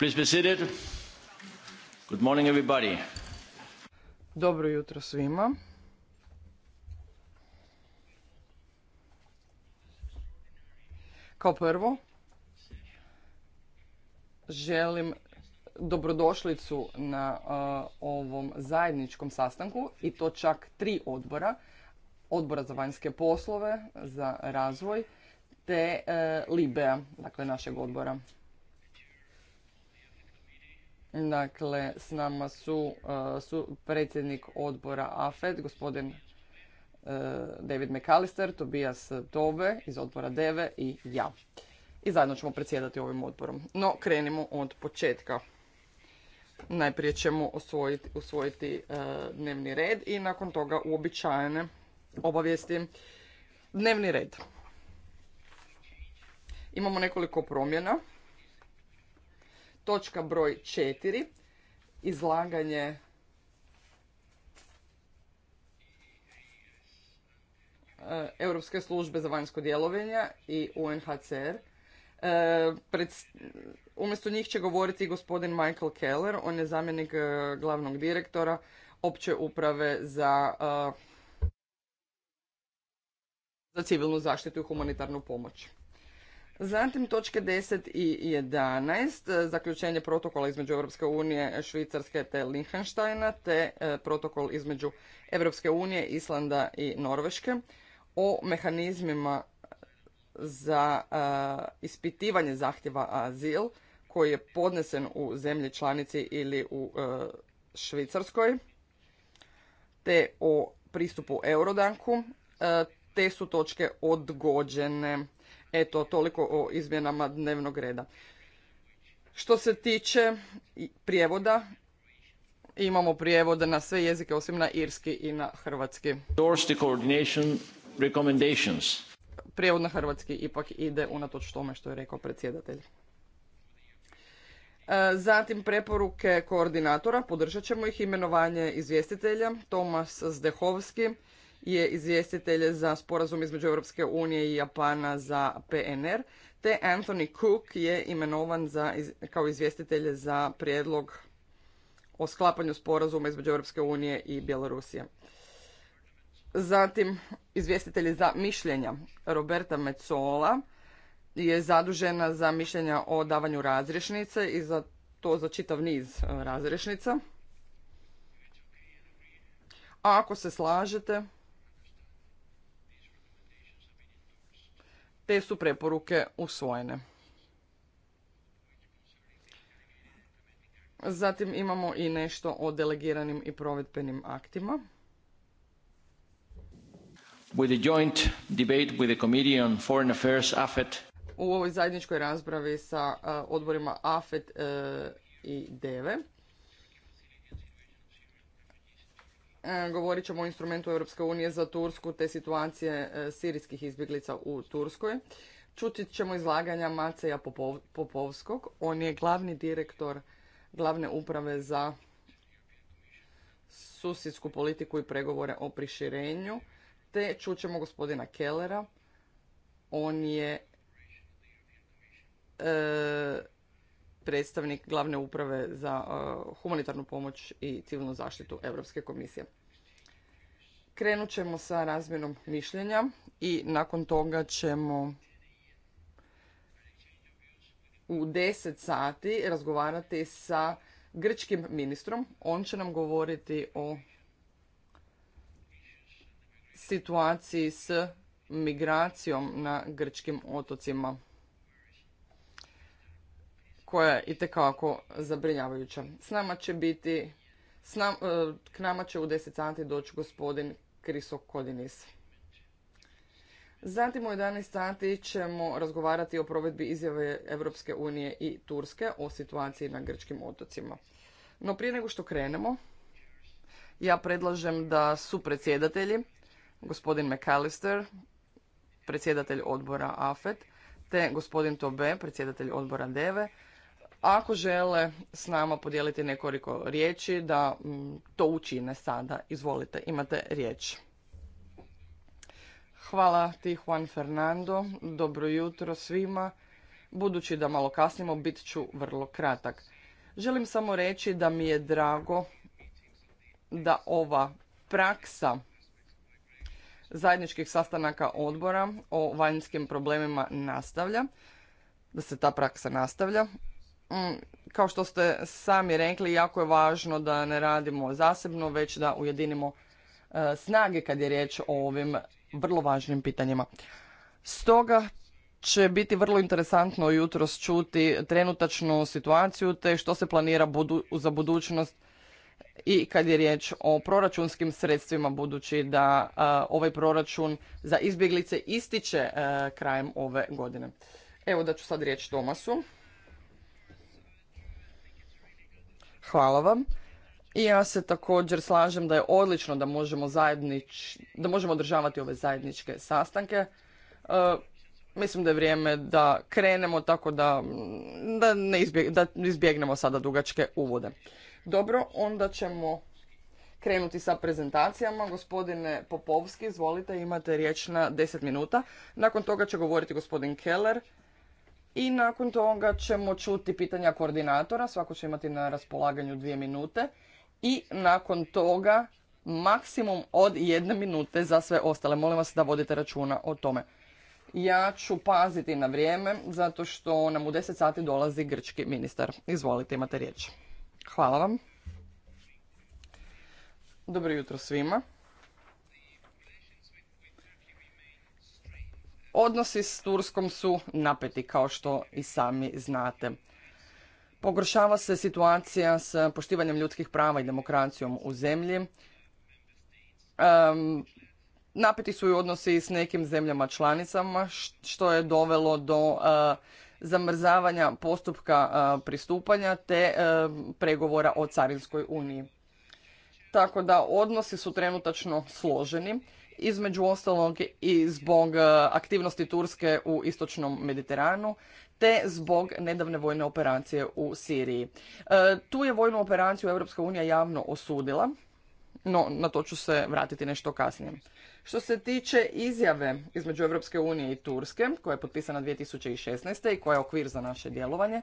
Please be seated. Good morning everybody. Dobro jutro svima. Kao prvo, želim dobrodošlicu na ovom zajedničkom sastanku i to čak tri odbora. Odbora za vanjske poslove, za razvoj, te uh, Libea, dakle našeg odbora. Dakle, s nama su, e, su predsjednik odbora AFED, gospodin e, David McAllister, Tobias Tobe iz odbora DEVE i ja. I zajedno ćemo predsjedati ovim odborom. No, krenimo od početka. Najprije ćemo osvojiti, usvojiti e, dnevni red i nakon toga uobičajene obavijesti. Dnevni red. Imamo nekoliko promjena točka broj 4, izlaganje e, Europske službe za vanjsko djelovanje i UNHCR. E, umjesto njih će govoriti gospodin Michael Keller, on je zamjenik e, glavnog direktora opće uprave za, za civilnu zaštitu i humanitarnu pomoć. Zatim točke 10 i 11, e, zaključenje protokola između Europske unije, Švicarske te Liechtensteina, te e, protokol između Europske unije, Islanda i Norveške o mehanizmima e, za ispitivanje zahtjeva azil koji je podnesen u zemlji članici ili u Švicarskoj, te o pristupu Eurodanku, te su točke odgođene. Eto, toliko o izmjenama dnevnog reda. Što se tiče prijevoda, imamo prijevode na sve jezike osim na irski i na hrvatski. Prijevod na hrvatski ipak ide unatoč tome što je rekao predsjedatelj. E, zatim preporuke koordinatora, podržat ćemo ih imenovanje izvjestitelja Tomas Zdehovski je izvjestitelj za sporazum između Europske unije i Japana za PNR, te Anthony Cook je imenovan za, kao izvjestitelj za prijedlog o sklapanju sporazuma između Europske unije i Bjelorusije. Zatim, izvjestitelj za mišljenja Roberta Mecola je zadužena za mišljenja o davanju razrješnice i za to za čitav niz e, razrješnica. A ako se slažete, te su preporuke usvojene. Zatim imamo i nešto o delegiranim i provedbenim aktima. U ovoj zajedničkoj raspravi sa e, odborima AFET e, i DEVE E, govorit ćemo o instrumentu Europske unije za Tursku te situacije e, sirijskih izbjeglica u Turskoj. Čutit ćemo izlaganja Maceja Popovskog. On je glavni direktor glavne uprave za susjedsku politiku i pregovore o priširenju. Te čućemo gospodina Kellera. On je e, predstavnik glavne uprave za e, humanitarnu pomoć i civilnu zaštitu Europske komisije. Krenut ćemo sa razmjenom mišljenja i nakon toga ćemo u 10 sati razgovarati sa grčkim ministrom. On će nam govoriti o situaciji s migracijom na grčkim otocima koja je itekako zabrinjavajuća. S nama će biti, s e, k nama će u 10 sati doći gospodin Kriso Kodinis. Zatim u 11 sati ćemo razgovarati o provedbi izjave Europske unije i Turske o situaciji na grčkim otocima. No prije nego što krenemo, ja predlažem da su predsjedatelji, gospodin McAllister, predsjedatelj odbora AFET, te gospodin Tobe, predsjedatelj odbora DEVE, ako žele s nama podijeliti nekoliko riječi, da mm, to učine sada. Izvolite, imate riječ. Hvala ti Juan Fernando, dobro jutro svima. Budući da malo kasnimo, bit ću vrlo kratak. Želim samo reći da mi je drago da ova praksa zajedničkih sastanaka odbora o vanjskim problemima nastavlja, da se ta praksa nastavlja Mm, kao što ste sami rekli, jako je važno da ne radimo zasebno, već da ujedinimo e, snage kad je riječ o ovim vrlo važnim pitanjima. Stoga će biti vrlo interesantno jutros čuti trenutačnu situaciju te što se planira budu za budućnost i kad je riječ o proračunskim sredstvima budući da e, ovaj proračun za izbjeglice ističe e, krajem ove godine. Evo da ću sad riječ Tomasu. Hvala vam. I ja se također slažem da je odlično da možemo, zajednič, da možemo održavati ove zajedničke sastanke. E, mislim da je vrijeme da krenemo tako da, da, ne izbjegnemo sada dugačke uvode. Dobro, onda ćemo krenuti sa prezentacijama. Gospodine Popovski, izvolite, imate riječ na 10 minuta. Nakon toga će govoriti gospodin Keller, i nakon toga ćemo čuti pitanja koordinatora, svako će imati na raspolaganju dvije minute i nakon toga maksimum od jedne minute za sve ostale. Molim vas da vodite računa o tome. Ja ću paziti na vrijeme zato što nam u 10 sati dolazi grčki ministar. Izvolite, imate riječ. Hvala vam. Dobro jutro svima. Odnosi s Turskom su napeti, kao što i sami znate. Pogoršava se situacija s poštivanjem ljudskih prava i demokracijom u zemlji. napeti su i odnosi s nekim zemljama članicama, što je dovelo do e, zamrzavanja postupka e, pristupanja te e, pregovora o Carinskoj uniji. Tako da odnosi su trenutačno složeni između ostalog i zbog e, aktivnosti Turske u istočnom Mediteranu, te zbog nedavne vojne operacije u Siriji. E, tu je vojnu operaciju Europska unija javno osudila, no na to ću se vratiti nešto kasnije. Što se tiče izjave između Europske unije i Turske, koja je potpisana 2016. i koja je okvir za naše djelovanje, e,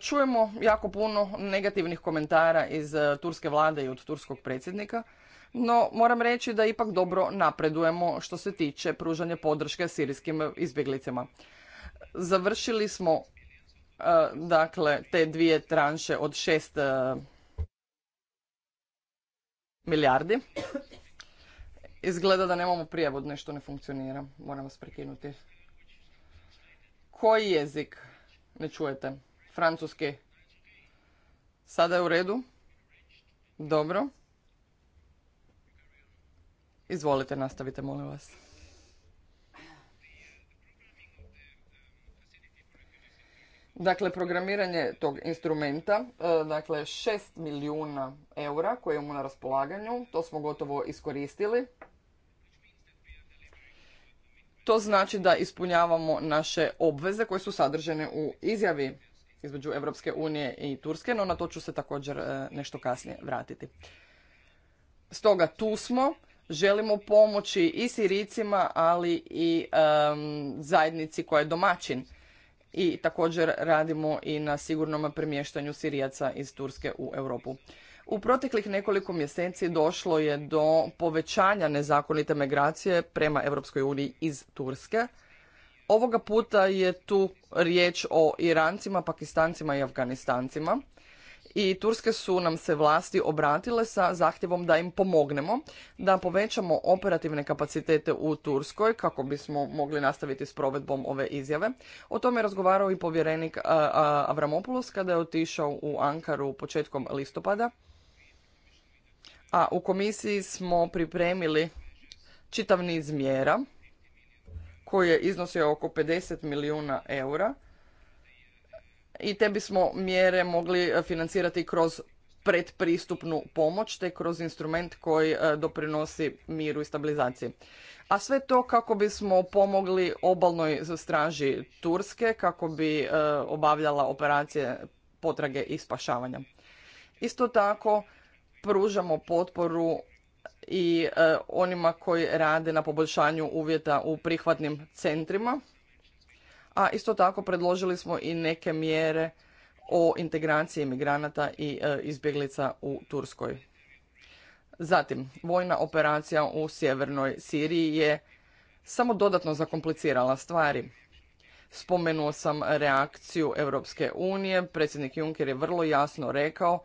čujemo jako puno negativnih komentara iz turske vlade i od turskog predsjednika, no moram reći da ipak dobro napredujemo što se tiče pružanja podrške sirijskim izbjeglicama. Završili smo e, dakle te dvije tranše od šest e, milijardi. Izgleda da nemamo prijevod, nešto ne funkcionira. Moram vas prekinuti. Koji jezik? Ne čujete. Francuski. Sada je u redu? Dobro. Izvolite, nastavite, molim vas. Dakle, programiranje tog instrumenta, e, dakle 6 milijuna eura koje mu na raspolaganju, to smo gotovo iskoristili. To znači da ispunjavamo naše obveze koje su sadržene u izjavi između Europske unije i Turske, no na to ću se također e, nešto kasnije vratiti. Stoga tu smo, Želimo pomoći i Siricima, ali i zajednici koja je domaćin. I također radimo i na sigurnom premještanju Sirijaca iz Turske u Europu. U proteklih nekoliko mjeseci došlo je do povećanja nezakonite migracije prema Europskoj uniji iz Turske. Ovoga puta je tu riječ o Irancima, Pakistancima i Afganistancima i turske su nam se vlasti obratile sa zahtjevom da im pomognemo, da povećamo operativne kapacitete u Turskoj kako bismo mogli nastaviti s provedbom ove izjave. O tome je razgovarao i povjerenik Avramopoulos kada je otišao u Ankaru početkom listopada. A u komisiji smo pripremili čitav niz mjera koji je iznosio oko 50 milijuna eura i te bismo mjere mogli e, financirati kroz predpristupnu pomoć te kroz instrument koji e, doprinosi miru i stabilizaciji. A sve to kako bismo pomogli obalnoj straži Turske kako bi e, obavljala operacije potrage i spašavanja. Isto tako pružamo potporu i onima koji rade na poboljšanju uvjeta u prihvatnim centrima a isto tako predložili smo i neke mjere o integraciji migranata i e, izbjeglica u Turskoj. Zatim, vojna operacija u sjevernoj Siriji je samo dodatno zakomplicirala stvari. Spomenuo sam reakciju Europske unije, predsjednik Juncker je vrlo jasno rekao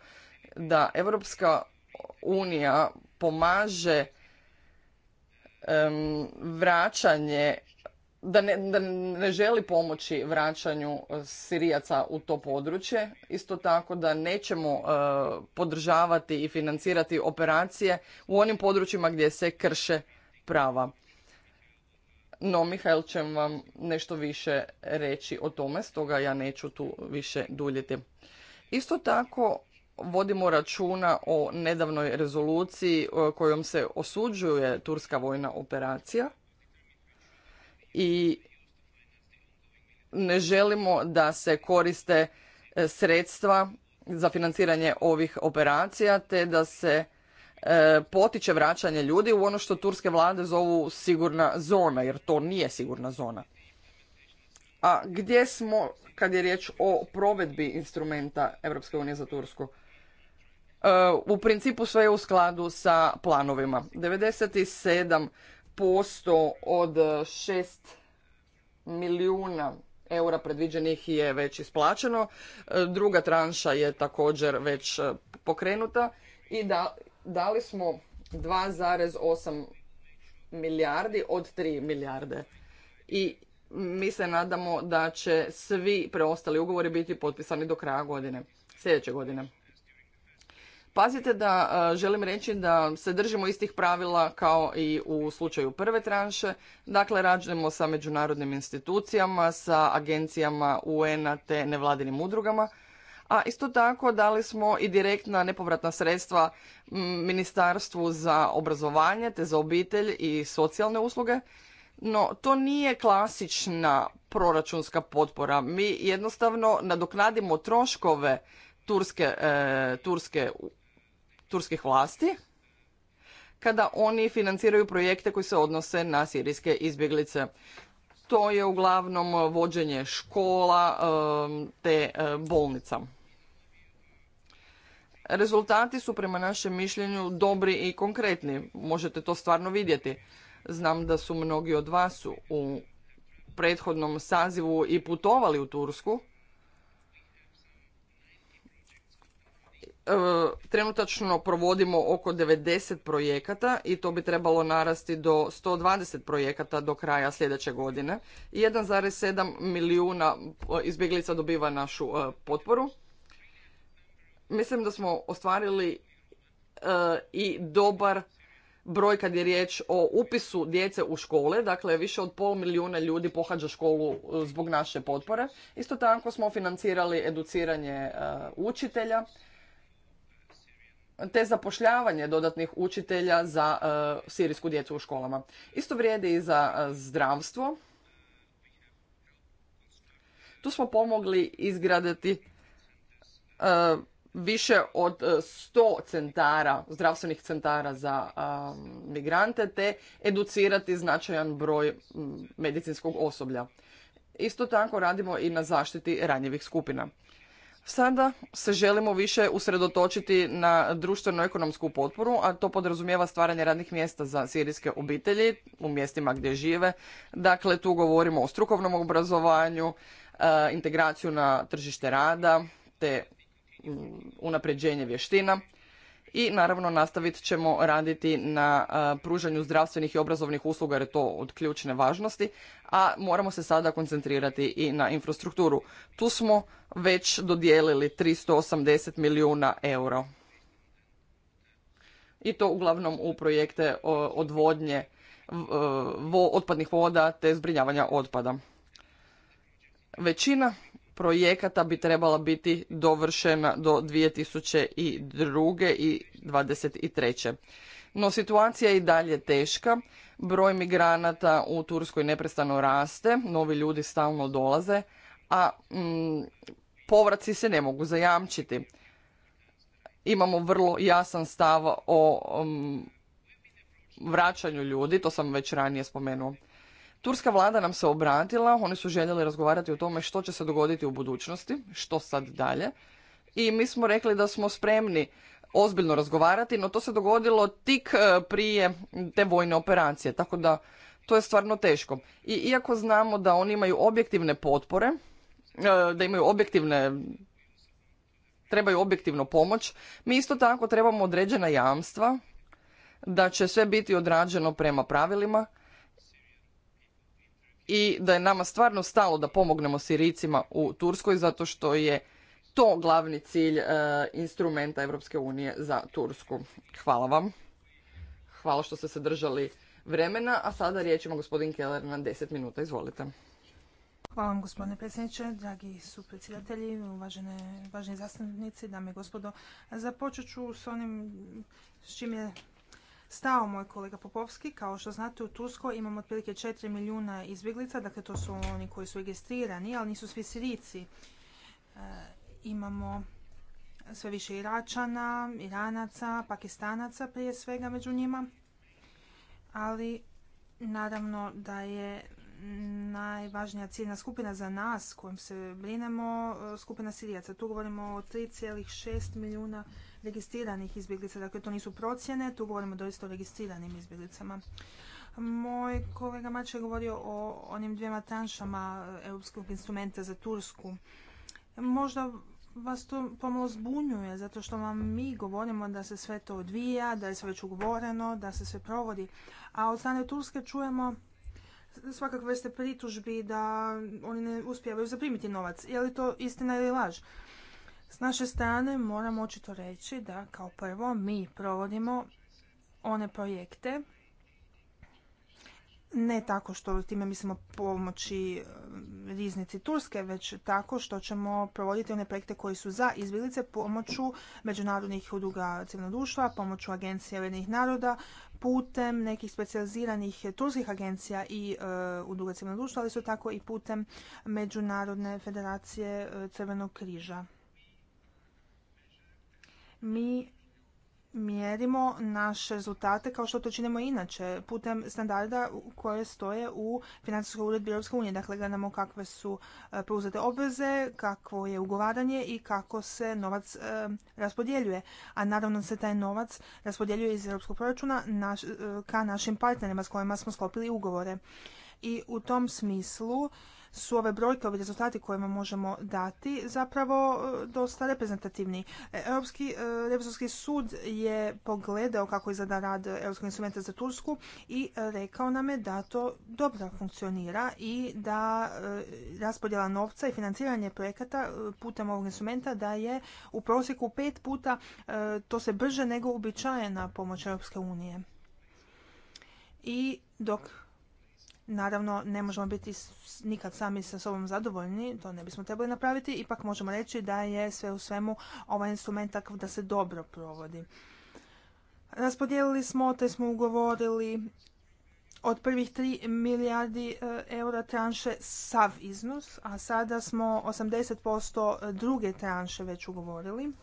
da Europska unija pomaže vraćanje da ne, da ne želi pomoći vraćanju e, Sirijaca u to područje, isto tako da nećemo e, podržavati i financirati operacije u onim područjima gdje se krše prava. No, Mihael će vam nešto više reći o tome, stoga ja neću tu više duljiti. Isto tako vodimo računa o nedavnoj rezoluciji e, kojom se osuđuje turska vojna operacija i ne želimo da se koriste e, sredstva za financiranje ovih operacija te da se e, potiče vraćanje ljudi u ono što turske vlade zovu sigurna zona, jer to nije sigurna zona. A gdje smo kad je riječ o provedbi instrumenta EU za Tursku? E, u principu sve je u skladu sa planovima. 97 posto od 6 milijuna eura predviđenih je već isplaćeno. Druga tranša je također već e, pokrenuta i da, dali smo 2,8 milijardi od 3 milijarde. I mi se nadamo da će svi preostali ugovori biti potpisani do kraja godine, sljedeće godine. Pazite da e, želim reći da se držimo istih pravila kao i u slučaju prve tranše. Dakle, rađujemo sa međunarodnim institucijama, sa agencijama UN-a te nevladinim udrugama. A isto tako dali smo i direktna nepovratna sredstva Ministarstvu za obrazovanje te za obitelj i socijalne usluge. No, to nije klasična proračunska potpora. Mi jednostavno nadoknadimo troškove turske, e, turske turskih vlasti kada oni financiraju projekte koji se odnose na sirijske izbjeglice. To je uglavnom vođenje škola te bolnica. Rezultati su prema našem mišljenju dobri i konkretni. Možete to stvarno vidjeti. Znam da su mnogi od vas u prethodnom sazivu i putovali u Tursku E, trenutačno provodimo oko 90 projekata i to bi trebalo narasti do 120 projekata do kraja sljedeće godine. 1,7 milijuna e, izbjeglica dobiva našu e, potporu. Mislim da smo ostvarili i dobar broj kad je riječ o upisu djece u škole, dakle više od pol milijuna ljudi pohađa školu zbog naše potpore. Isto tako smo financirali educiranje učitelja te zapošljavanje dodatnih učitelja za e, sirijsku djecu u školama. Isto vrijedi i za e, zdravstvo. Tu smo pomogli izgraditi e, više od 100 centara, zdravstvenih centara za migrante, te educirati značajan broj medicinskog osoblja. Isto tako radimo i na zaštiti ranjivih skupina. Sada se želimo više usredotočiti na društveno-ekonomsku potporu, a to podrazumijeva stvaranje radnih mjesta za sirijske obitelji u mjestima gdje žive. Dakle, tu govorimo o strukovnom obrazovanju, e, integraciju na tržište rada te mm, unapređenje vještina i naravno nastavit ćemo raditi na pružanju zdravstvenih i obrazovnih usluga jer je to od ključne važnosti, a moramo se sada koncentrirati i na infrastrukturu. Tu smo već dodijelili 380 milijuna eura. I to uglavnom u projekte odvodnje e, otpadnih voda te zbrinjavanja otpada. Većina projekata bi trebala biti dovršena do 2002. i 2023. No situacija je i dalje teška. Broj migranata u Turskoj neprestano raste, novi ljudi stalno dolaze, a mm, povraci se ne mogu zajamčiti. Imamo vrlo jasan stav o mm, vraćanju ljudi, to sam već ranije spomenuo. Turska vlada nam se obratila, oni su željeli razgovarati o tome što će se dogoditi u budućnosti, što sad dalje. I mi smo rekli da smo spremni ozbiljno razgovarati, no to se dogodilo tik e, prije te vojne operacije, tako da to je stvarno teško. I iako znamo da oni imaju objektivne potpore, e, da imaju objektivne trebaju objektivno pomoć, mi isto tako trebamo određena jamstva da će sve biti odrađeno prema pravilima i da je nama stvarno stalo da pomognemo Sirijcima u Turskoj zato što je to glavni cilj e, instrumenta Europske unije za Tursku. Hvala vam. Hvala što ste se držali vremena, a sada riječ ima gospodin Keller na 10 minuta. Izvolite. Hvala vam gospodine predsjedniče, dragi su predsjedatelji, uvažene, uvaženi zastupnici, dame i gospodo. Započet ću s onim s čim je stao moj kolega Popovski. Kao što znate, u Turskoj imamo otprilike 4 milijuna izbjeglica, dakle to su oni koji su registrirani, ali nisu svi Sirici. E, imamo sve više Iračana, Iranaca, Pakistanaca prije svega među njima. Ali naravno da je najvažnija ciljna skupina za nas kojim se brinemo e, skupina Sirijaca. Tu govorimo o 3,6 milijuna registriranih izbjeglica. Dakle, to nisu procjene, tu govorimo doista o registriranim izbjeglicama. Moj kolega Mač je govorio o onim dvijema tranšama europskog instrumenta za Tursku. Možda vas to pomalo zbunjuje, zato što vam mi govorimo da se sve to odvija, da je sve već ugovoreno, da se sve provodi. A od strane Turske čujemo svakakve vrste pritužbi da oni ne uspijevaju zaprimiti novac. Je li to istina ili laž? S naše strane moramo očito reći da kao prvo mi provodimo one projekte ne tako što time mislimo pomoći e, riznici Turske, već tako što ćemo provoditi one projekte koji su za izbjeglice pomoću međunarodnih udruga civilnog društva, pomoću agencije vrednih naroda, putem nekih specijaliziranih turskih agencija i e, udruga civilnog društva, ali su tako i putem Međunarodne federacije e, Crvenog križa mi mjerimo naše rezultate kao što to činimo inače, putem standarda koje stoje u financijskoj uredbi Europske unije. Dakle, gledamo kakve su e, preuzete obveze, kakvo je ugovaranje i kako se novac e, raspodjeljuje. A naravno se taj novac raspodjeljuje iz europskog proračuna e, ka našim partnerima s kojima smo sklopili ugovore. I u tom smislu su ove brojke, ovi rezultati kojima možemo dati zapravo e, dosta reprezentativni. E, Europski e, revizorski sud je pogledao kako izgleda rad Europskog instrumenta za Tursku i rekao nam je da to dobro funkcionira i da raspodjela novca i financiranje projekata putem ovog instrumenta da je u prosjeku pet puta to se brže nego uobičajena pomoć Europske unije. I dok Naravno, ne možemo biti nikad sami sa sobom zadovoljni, to ne bismo trebali napraviti, ipak možemo reći da je sve u svemu ovaj instrument takav da se dobro provodi. Raspodijelili smo, te smo ugovorili od prvih 3 milijardi e, eura tranše sav iznos, a sada smo 80% druge tranše već ugovorili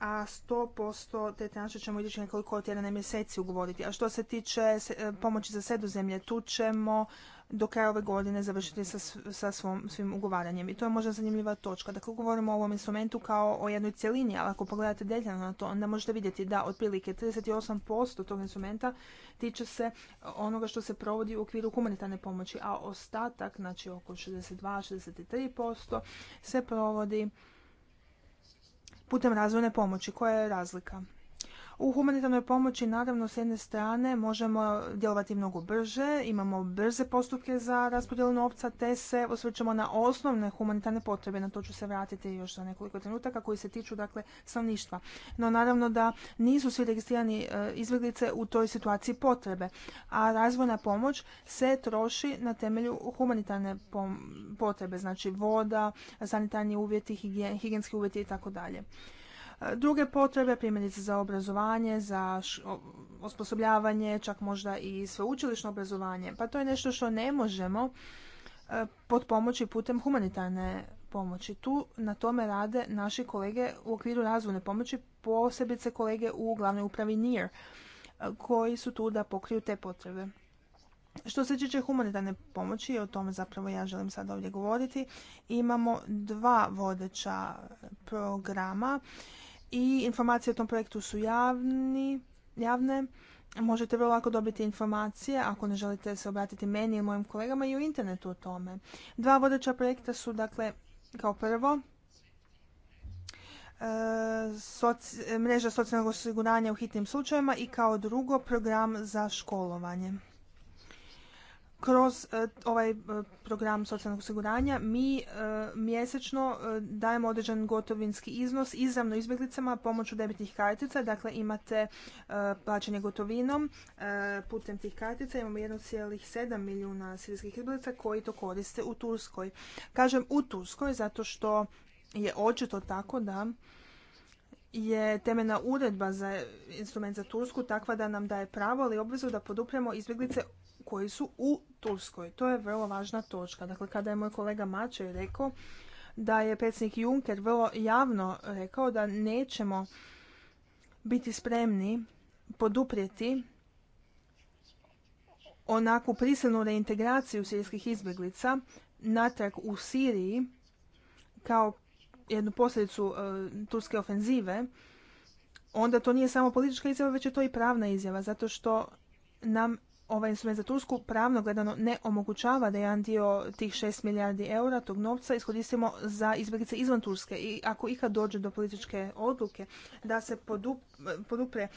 a 100% te tranše ćemo ići nekoliko tjedana mjeseci ugovoriti. A što se tiče e, pomoći za sredozemlje, tu ćemo do kraja ove godine završiti sa, svom, svim ugovaranjem. I to je možda zanimljiva točka. Dakle, govorimo o ovom instrumentu kao o jednoj cjelini, ali ako pogledate detaljno na to, onda možete vidjeti da otprilike 38% tog instrumenta tiče se onoga što se provodi u okviru humanitarne pomoći, a ostatak, znači oko 62-63% se provodi putem razvojne pomoći. Koja je razlika? U humanitarnoj pomoći naravno s jedne strane možemo djelovati mnogo brže, imamo brze postupke za raspodjelu novca te se osvrćemo na osnovne humanitarne potrebe. Na to ću se vratiti još za nekoliko trenutaka koji se tiču dakle stanovništva. No naravno da nisu svi registrirani e, izbjeglice u toj situaciji potrebe, a razvojna pomoć se troši na temelju humanitarne potrebe, znači voda, sanitarni uvjeti, higijenski uvjeti i tako dalje druge potrebe, primjerice za obrazovanje, za osposobljavanje, čak možda i sveučilišno obrazovanje. Pa to je nešto što ne možemo e, pod pomoći putem humanitarne pomoći. Tu na tome rade naši kolege u okviru razvojne pomoći, posebice kolege u glavnoj upravi NIR, e, koji su tu da pokriju te potrebe. Što se tiče humanitarne pomoći, o tome zapravo ja želim sad ovdje govoriti, imamo dva vodeća programa i informacije o tom projektu su javni, javne. Možete vrlo lako dobiti informacije ako ne želite se obratiti meni i mojim kolegama i u internetu o tome. Dva vodeća projekta su dakle kao prvo e, mreža socijalnog osiguranja u hitnim slučajevima i kao drugo program za školovanje kroz e, ovaj e, program socijalnog osiguranja mi e, mjesečno dajemo određen gotovinski iznos izravno izbjeglicama pomoću debitnih kartica. Dakle, imate plaćanje gotovinom putem tih kartica. Imamo 1,7 milijuna sirijskih izbjeglica koji to koriste u Turskoj. Kažem u Turskoj zato što je očito tako da je temeljna uredba za instrument za Tursku takva da nam daje pravo ali obvezu da podupremo izbjeglice koji su u Turskoj. To je vrlo važna točka. Dakle, kada je moj kolega Mačer rekao da je predsjednik Juncker vrlo javno rekao da nećemo biti spremni poduprijeti onakvu prisilnu reintegraciju sirijskih izbjeglica natrag u Siriji kao jednu posljedicu e, turske ofenzive, onda to nije samo politička izjava, već je to i pravna izjava, zato što nam ovaj instrument za Tursku pravno gledano ne omogućava da jedan dio tih 6 milijardi eura tog novca iskoristimo za izbjeglice izvan Turske. I ako ikad dođe do političke odluke da se podupre e,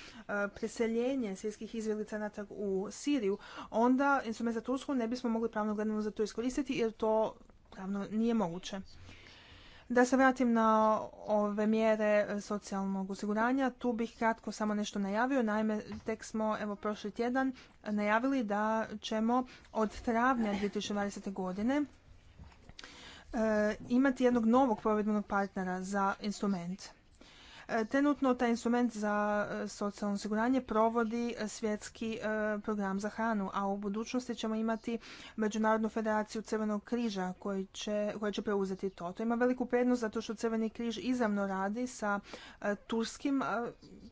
preseljenje svjetskih izbjeglica natrag u Siriju, onda instrument za Tursku ne bismo mogli pravno gledano za to iskoristiti jer to pravno nije moguće. Da se vratim na ove mjere socijalnog osiguranja, tu bih kratko samo nešto najavio. Naime, tek smo evo, prošli tjedan najavili da ćemo od travnja 2020. godine e, imati jednog novog provedbenog partnera za instrument. E, Tenutno taj instrument za e, socijalno osiguranje provodi e, svjetski program za hranu, a u budućnosti ćemo imati Međunarodnu federaciju Crvenog križa koji će, koja će preuzeti to. To ima veliku prednost zato što Crveni križ izravno radi sa turskim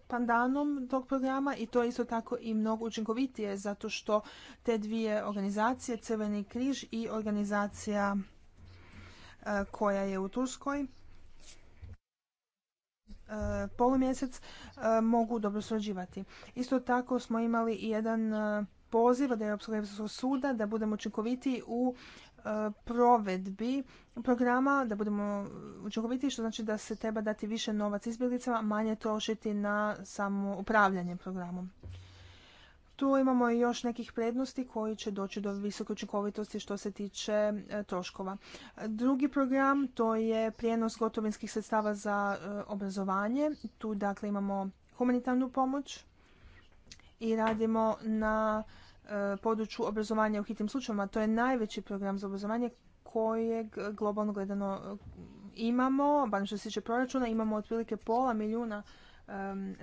pandanom tog programa i to je isto tako i mnogo učinkovitije zato što te dvije organizacije, Crveni križ i organizacija koja je u Turskoj, E, polumjesec e, mogu dobro surađivati. Isto tako smo imali i jedan e, poziv od Europskog evropskog suda da budemo učinkoviti u provedbi programa, da budemo učinkoviti, što znači da se treba dati više novac izbjeglicama, manje trošiti na samo upravljanje programom. Tu imamo još nekih prednosti koji će doći do visoke učinkovitosti što se tiče e, troškova. Drugi program to je prijenos gotovinskih sredstava za e, obrazovanje. Tu dakle imamo humanitarnu pomoć i radimo na e, području obrazovanja u hitnim slučajevima. To je najveći program za obrazovanje kojeg globalno gledano imamo, barem što se tiče proračuna, imamo otprilike pola milijuna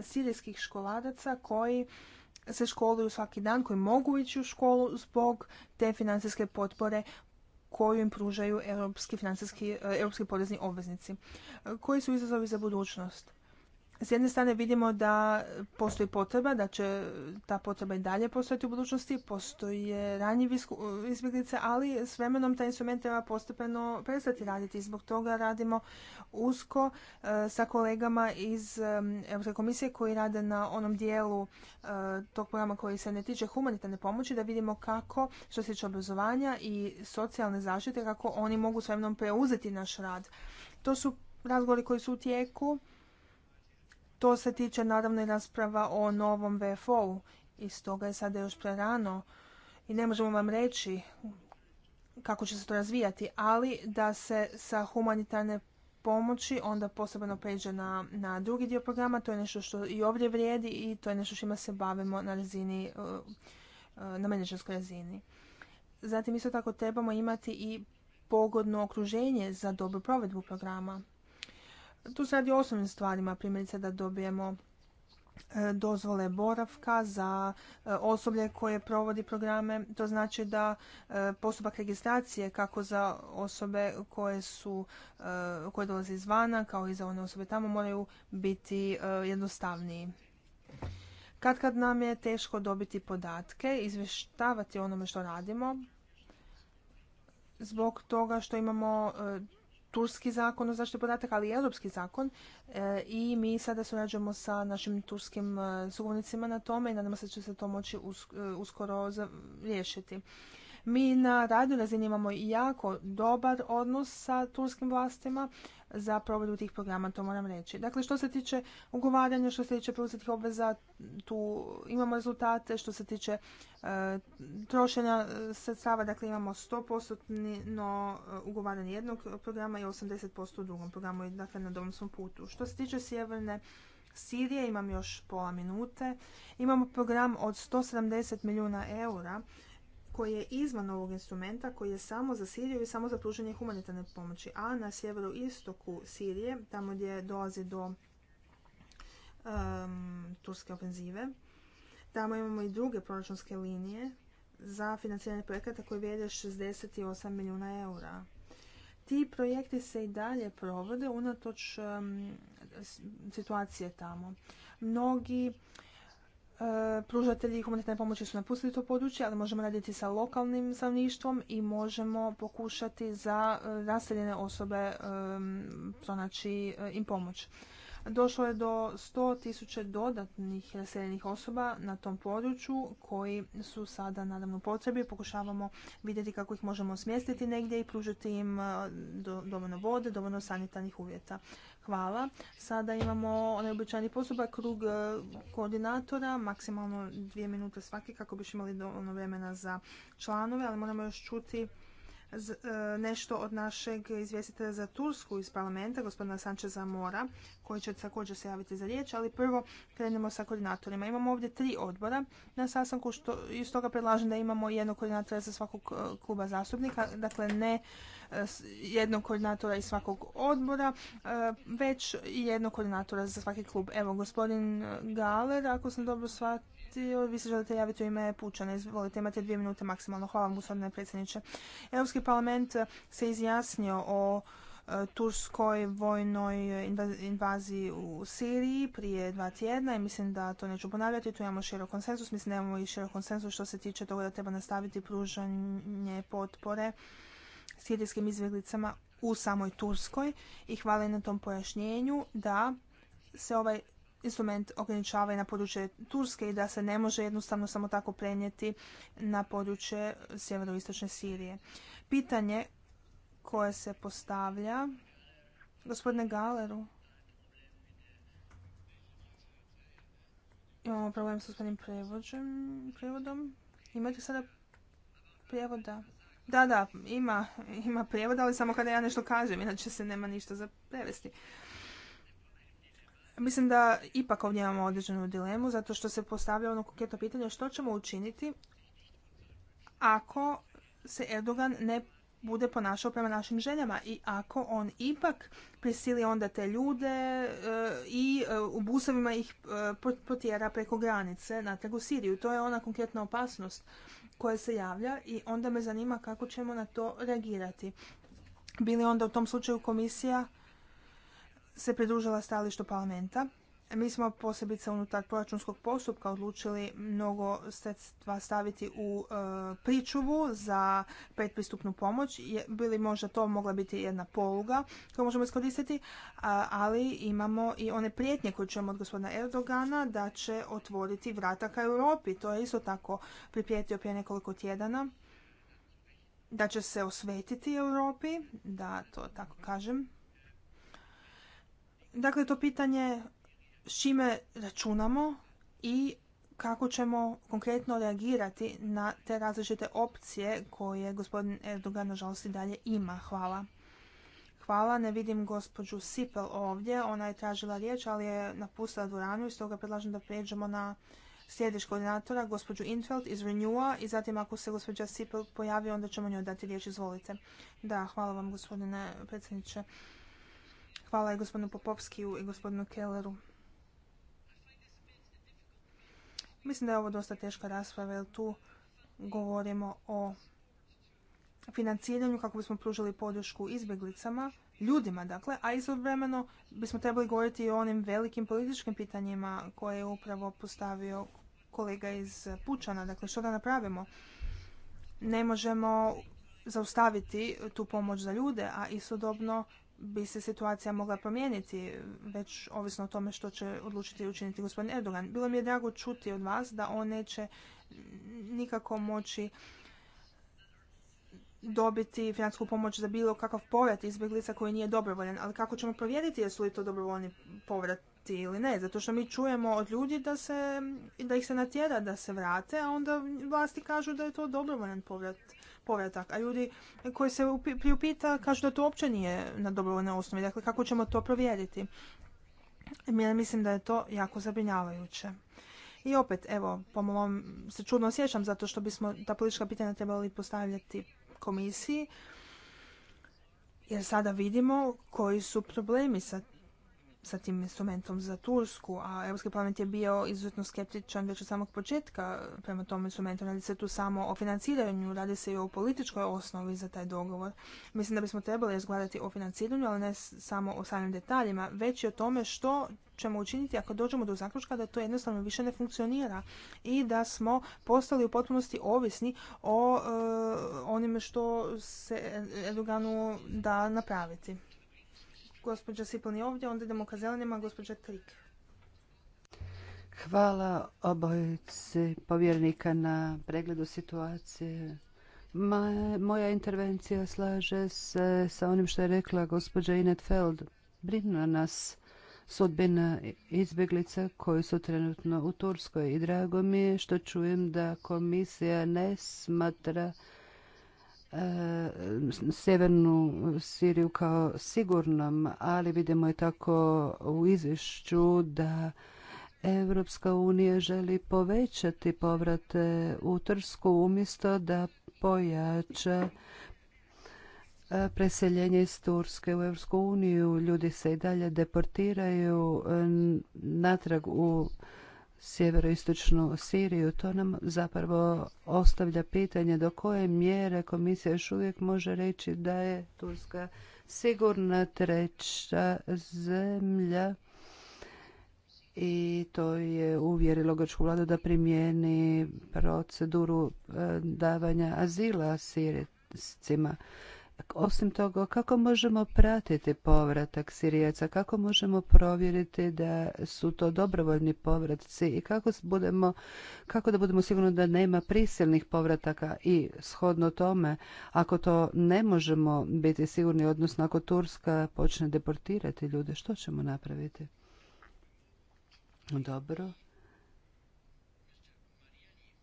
sirijskih školaraca koji se školuju svaki dan, koji mogu ići u školu zbog te financijske potpore koju im pružaju europski, financijski, e, europski porezni obveznici. E, koji su izazovi za budućnost? s jedne strane vidimo da postoji potreba, da će ta potreba i dalje postojati u budućnosti, postoje ranjivi izbjeglice, ali s vremenom taj instrument treba postepeno prestati raditi. Zbog toga radimo usko e, sa kolegama iz e, Europske komisije koji rade na onom dijelu e, tog programa koji se ne tiče humanitarne pomoći, da vidimo kako, što se tiče obrazovanja i socijalne zaštite, kako oni mogu s vremenom preuzeti naš rad. To su razgovori koji su u tijeku to se tiče naravno i rasprava o novom VFO-u i stoga je sada još prerano i ne možemo vam reći kako će se to razvijati, ali da se sa humanitarne pomoći onda posebno pređe na, drugi dio programa, to je nešto što i ovdje vrijedi i to je nešto što se bavimo na razini, e, e, na menedžerskoj razini. Zatim isto tako trebamo imati i pogodno okruženje za dobru provedbu programa tu se radi o osnovnim stvarima, primjerice da dobijemo e, dozvole boravka za e, osoblje koje provodi programe. To znači da e, postupak registracije kako za osobe koje su koje dolaze izvana kao i za one osobe tamo moraju biti jednostavniji. Kad kad nam je teško dobiti podatke, izvještavati onome što radimo, zbog toga što imamo turski zakon o zaštiti podataka, ali i europski zakon e, i mi sada surađujemo sa našim turskim e, sugovornicima na tome i nadamo se da će se to moći e, uskoro riješiti. Mi na radnoj razini imamo jako dobar odnos sa turskim vlastima za provedbu tih programa, to moram reći. Dakle, što se tiče ugovaranja, što se tiče preuzetih obveza, tu imamo rezultate, što se tiče e, trošenja e, sredstava, dakle imamo 100% no, e, ugovaranje jednog programa i 80% u drugom programu, dakle na dobrom putu. Što se tiče sjeverne Sirije, imam još pola minute, imamo program od 170 milijuna eura koji je izvan ovog instrumenta, koji je samo za Siriju i samo za pružanje humanitarne pomoći. A na sjeveru istoku Sirije, tamo gdje dolazi do turske ofenzive, tamo imamo i druge proračunske linije za financiranje projekata koji vrijede 68 milijuna eura. Ti projekti se i dalje provode unatoč situacije tamo. Mnogi E, pružatelji humanitarne pomoći su napustili to područje, ali možemo raditi sa lokalnim stanovništvom i možemo pokušati za e, naseljene osobe e, pronaći im pomoć. Došlo je do 100.000 dodatnih raseljenih osoba na tom području koji su sada naravno potrebi. Pokušavamo vidjeti kako ih možemo smjestiti negdje i pružiti im dovoljno vode, dovoljno sanitarnih uvjeta. Hvala. Sada imamo onaj običajni postupak, krug e, koordinatora, maksimalno dvije minute svaki kako biš imali dovoljno vremena za članove, ali moramo još čuti e, nešto od našeg izvjestitelja za Tursku iz parlamenta, gospodina Sančeza Mora, koji će također se javiti za riječ, ali prvo krenemo sa koordinatorima. Imamo ovdje tri odbora na sastanku, što iz toga predlažem da imamo jednog koordinatora za svakog e, kluba zastupnika, dakle ne jednog koordinatora iz svakog odbora, e, već i jednog koordinatora za svaki klub. Evo, gospodin Galer, ako sam dobro shvatio, vi se želite javiti u ime Pučana. Izvolite, imate dvije minute maksimalno. Hvala vam, gospodine predsjedniče. Europski parlament se izjasnio o e, turskoj vojnoj invaziji u Siriji prije dva tjedna i mislim da to neću ponavljati. Tu imamo širok konsensus. Mislim da imamo i širok konsensus što se tiče toga da treba nastaviti pružanje potpore sirijskim izbjeglicama u samoj Turskoj i hvala na tom pojašnjenju da se ovaj instrument ograničava i na područje Turske i da se ne može jednostavno samo tako prenijeti na područje sjeveroistočne Sirije. Pitanje koje se postavlja gospodine Galeru imamo problem s gospodinim prevodom. Imate sada prijevoda? Da, da, ima, ima ali samo kada ja nešto kažem, inače se nema ništa za prevesti. Mislim da ipak ovdje imamo određenu dilemu, zato što se postavlja ono konkretno pitanje što ćemo učiniti ako se Erdogan ne bude ponašao prema našim željama i ako on ipak prisili onda te ljude e, i e, u busovima ih e, potjera preko granice na u Siriju. To je ona konkretna opasnost koje se javlja i onda me zanima kako ćemo na to reagirati. Bili onda u tom slučaju komisija se pridružila stalištu parlamenta E, mi smo posebice unutar proračunskog postupka odlučili mnogo sredstva staviti u e, pričuvu za predpristupnu pomoć. Bili možda to mogla biti jedna poluga koju možemo iskoristiti, e, ali imamo i one prijetnje koje čujemo od gospodina Erdogana da će otvoriti vrata ka Europi. To je isto tako priprijetio prije nekoliko tjedana da će se osvetiti Europi, da to tako kažem. Dakle, to pitanje s čime računamo i kako ćemo konkretno reagirati na te različite opcije koje gospodin Erdogan nažalost i dalje ima. Hvala. Hvala, ne vidim gospođu Sipel ovdje, ona je tražila riječ, ali je napustila dvoranu i stoga predlažem da pređemo na sljedećeg koordinatora, gospođu Infeld iz Renewa i zatim ako se gospođa Sipel pojavi, onda ćemo njoj dati riječ, izvolite. Da, hvala vam gospodine predsjedniče. Hvala i gospodinu Popovskiju i gospodinu Kelleru. Mislim da je ovo dosta teška rasprava jer tu govorimo o financiranju kako bismo pružili podršku izbjeglicama, ljudima dakle, a istovremeno bismo trebali govoriti i o onim velikim političkim pitanjima koje je upravo postavio kolega iz Pučana. Dakle, što da napravimo? Ne možemo zaustaviti tu pomoć za ljude, a istodobno bi se situacija mogla promijeniti, već ovisno o tome što će odlučiti i učiniti gospodin Erdogan. Bilo mi je drago čuti od vas da on neće nikako moći dobiti financijsku pomoć za bilo kakav povrat izbjeglica koji nije dobrovoljan. Ali kako ćemo provjeriti jesu li to dobrovoljni povrati ili ne? Zato što mi čujemo od ljudi da, se, da ih se natjera da se vrate, a onda vlasti kažu da je to dobrovoljan povrat povratak, a ljudi koji se priupita kažu da to uopće nije na dobrovoljnoj osnovi. Dakle, kako ćemo to provjeriti? Ja mislim da je to jako zabrinjavajuće. I opet, evo, pomalo se čudno osjećam zato što bismo ta politička pitanja trebali postavljati komisiji, jer sada vidimo koji su problemi sa sa tim instrumentom za Tursku, a Europski parlament je bio izuzetno skeptičan već od samog početka prema tom instrumentu. Radi se tu samo o financiranju, radi se i o političkoj osnovi za taj dogovor. Mislim da bismo trebali razgovarati o financiranju, ali ne samo o samim detaljima, već i o tome što ćemo učiniti ako dođemo do zaključka da to jednostavno više ne funkcionira i da smo postali u potpunosti ovisni o e, onime što se Erdoganu da napraviti. Gospođa Sipel ovdje, onda idemo ka zelenima, gospođa Trik. Hvala obojci povjernika na pregledu situacije. moja intervencija slaže se sa onim što je rekla gospođa Inet Feld. Brinu nas sudbina izbjeglica koji su trenutno u Turskoj i drago mi je što čujem da komisija ne smatra E, sjevernu Siriju kao sigurnom, ali vidimo je tako u izvješću da Evropska unija želi povećati povrate u Trsku umjesto da pojača e, preseljenje iz Turske u Evropsku uniju. Ljudi se i dalje deportiraju natrag u sjeveroistočnu Siriju. To nam zapravo ostavlja pitanje do koje mjere komisija još uvijek može reći da je Turska sigurna treća zemlja i to je uvjerilo grčku vladu da primijeni proceduru e, davanja azila Sirijcima. Osim toga, kako možemo pratiti povratak Sirijaca, kako možemo provjeriti da su to dobrovoljni povratci i kako, kako da budemo sigurni da nema prisilnih povrataka i shodno tome, ako to ne možemo biti sigurni, odnosno ako Turska počne deportirati ljude, što ćemo napraviti? Dobro.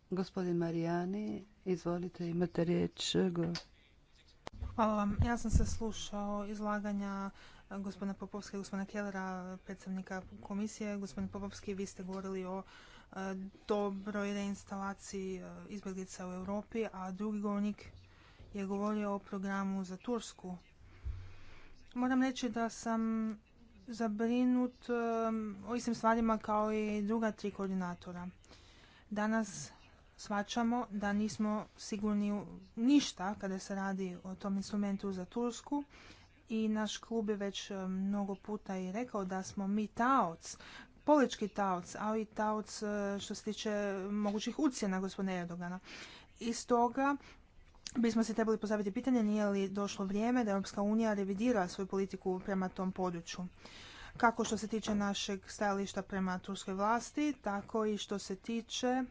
Gospodin Marijani, izvolite, imate riječ. Go. Hvala vam. Ja sam se slušao izlaganja eh, gospodina Popovskog i gospodina Kellera, predstavnika komisije. Gospodin Popovski, vi ste govorili o eh, dobroj reinstalaciji eh, izbjeglica u Europi, a drugi govornik je govorio o programu za Tursku. Moram reći da sam zabrinut o istim stvarima kao i druga tri koordinatora. Danas shvaćamo da nismo sigurni ništa kada se radi o tom instrumentu za Tursku i naš klub je već e, mnogo puta i rekao da smo mi taoc, politički taoc, ali i taoc e, što se tiče mogućih ucjena gospodine Erdogana. I stoga bismo se trebali postaviti pitanje nije li došlo vrijeme da Europska unija revidira svoju politiku prema tom području. Kako što se tiče našeg stajališta prema turskoj vlasti, tako i što se tiče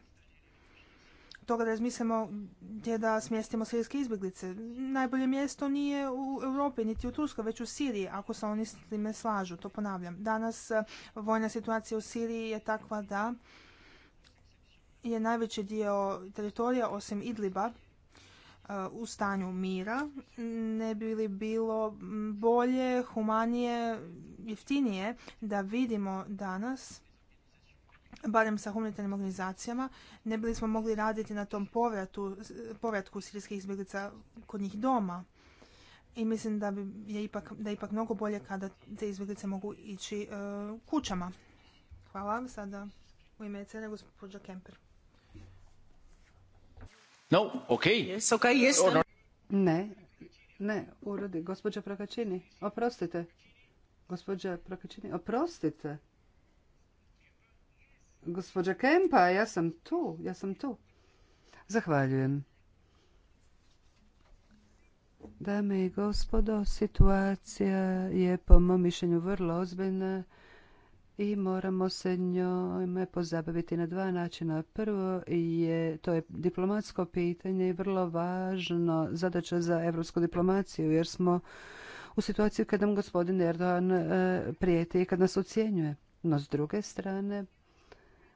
toga da razmislimo gdje da smjestimo sirijske izbjeglice. Najbolje mjesto nije u Europi niti u Turskoj, već u Siriji, ako se oni s time slažu, to ponavljam. Danas e, vojna situacija u Siriji je takva da je najveći dio teritorija, osim Idliba, e, u stanju mira. Ne bi li bilo bolje, humanije, jeftinije da vidimo danas barem sa humanitarnim organizacijama, ne bili smo mogli raditi na tom povratu, povratku sirijskih izbjeglica kod njih doma. I mislim da bi je ipak, da ipak mnogo bolje kada te izbjeglice mogu ići e, kućama. Hvala vam sada u ime cene gospođa Kemper. No, Yes, yes. Ono- ne, ne, urodi. Gospođa Prokačini, oprostite. Gospođa Prokačini, oprostite. Gospođa Kempa, ja sam tu, ja sam tu. Zahvaljujem. Dame i gospodo, situacija je po mom mišljenju vrlo ozbiljna i moramo se njome pozabaviti na dva načina. Prvo je, to je diplomatsko pitanje i vrlo važno zadaća za evropsku diplomaciju jer smo u situaciji kad nam gospodin Erdogan e, prijeti i kad nas ucijenjuje. No s druge strane,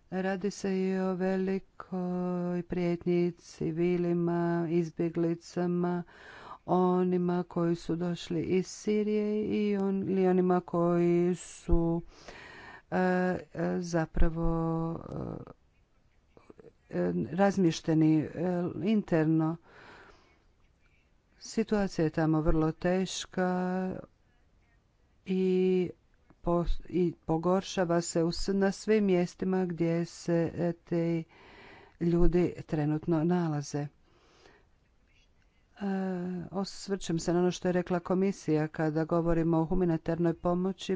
Radi se i o velikoj prijetnji civilima, izbjeglicama, onima koji su došli iz Sirije i on, ili onima koji su e, e, zapravo e, e razmješteni interno. Situacija je tamo vrlo teška i i pogoršava se na svim mjestima gdje se e, te ljudi trenutno nalaze. E, osvrćem se na ono što je rekla komisija kada govorimo o humanitarnoj pomoći.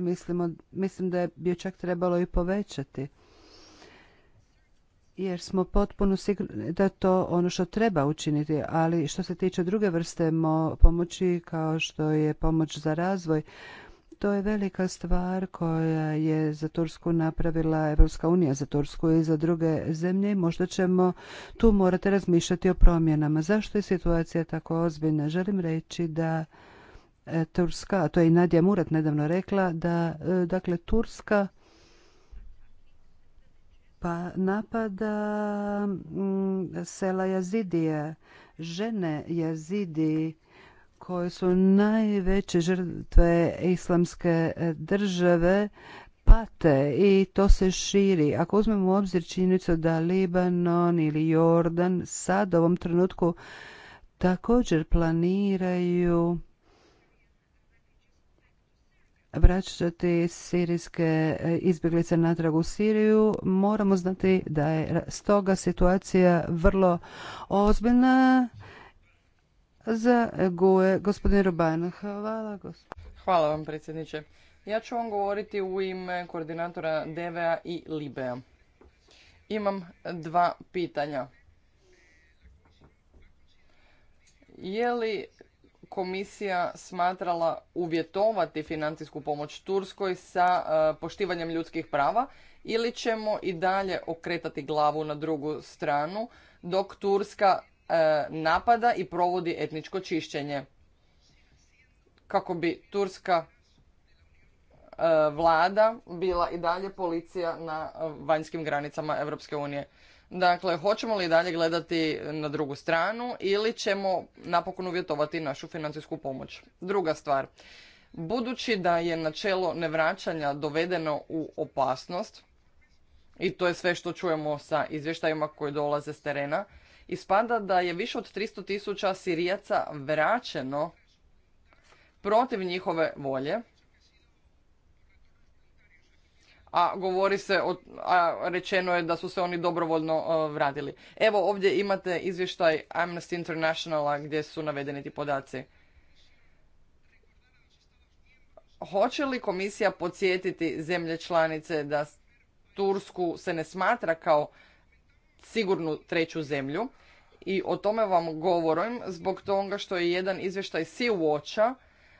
mislim da bi je čak trebalo i povećati. Jer smo potpuno sigurni da je to ono što treba učiniti. Ali što se tiče druge vrste pomoći kao što je pomoć za razvoj, to je velika stvar koja je za Tursku napravila Evropska unija za Tursku i za druge zemlje i možda ćemo tu morati razmišljati o promjenama. Zašto je situacija tako ozbiljna? Želim reći da e, Turska, a to je i Nadja Murat nedavno rekla, da e, dakle Turska pa napada mm, sela Jazidije, žene Jazidi koje su najveće žrtve islamske e, države pate i to se širi. Ako uzmemo u obzir činjenicu da Libanon ili Jordan sad u ovom trenutku također planiraju vraćati sirijske e, izbjeglice natrag u Siriju, moramo znati da je stoga situacija vrlo ozbiljna E, Hvala, Hvala vam, predsjedniče. Ja ću vam govoriti u ime koordinatora DVA i Libea. Imam dva pitanja. Je li komisija smatrala uvjetovati financijsku pomoć Turskoj sa e, poštivanjem ljudskih prava ili ćemo i dalje okretati glavu na drugu stranu dok Turska E, napada i provodi etničko čišćenje. Kako bi turska e, vlada bila i dalje policija na vanjskim granicama Europske unije. Dakle, hoćemo li dalje gledati na drugu stranu ili ćemo napokon uvjetovati našu financijsku pomoć? Druga stvar, budući da je načelo nevraćanja dovedeno u opasnost, i to je sve što čujemo sa izvještajima koji dolaze s terena, ispada da je više od 300 tisuća Sirijaca vraćeno protiv njihove volje, a govori se, o, rečeno je da su se oni dobrovoljno e, vratili. Evo ovdje imate izvještaj Amnesty Internationala gdje su navedeni ti podaci. Hoće li komisija podsjetiti zemlje članice da Tursku se ne smatra kao sigurnu treću zemlju i o tome vam govorim zbog toga što je jedan izvještaj Sea Watcha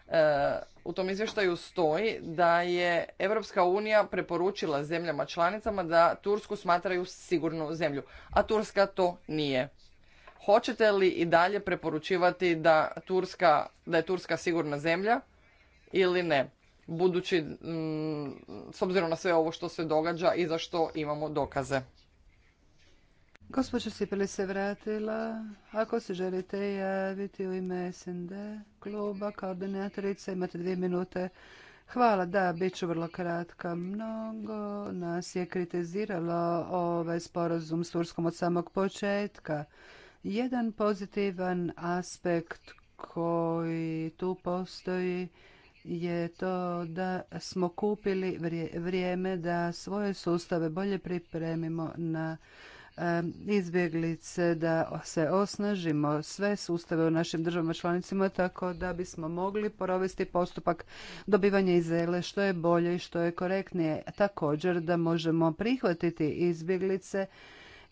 e, u tom izvještaju stoji da je Europska unija preporučila zemljama članicama da Tursku smatraju sigurnu zemlju, a Turska to nije. Hoćete li i dalje preporučivati da, da je Turska sigurna zemlja ili ne? budući mm, s obzirom na sve ovo što se događa i za što imamo dokaze. Gospođa Sipeli se vratila. Ako se želite javiti u ime SND kluba koordinatorica, imate dvije minute. Hvala, da, bit ću vrlo kratka. Mnogo nas je kritiziralo ovaj sporazum s Turskom od samog početka. Jedan pozitivan aspekt koji tu postoji je to da smo kupili vrijeme da svoje sustave bolje pripremimo na izbjeglice, da se osnažimo sve sustave u našim državama članicama tako da bismo mogli provesti postupak dobivanja izele što je bolje i što je korektnije. Također da možemo prihvatiti izbjeglice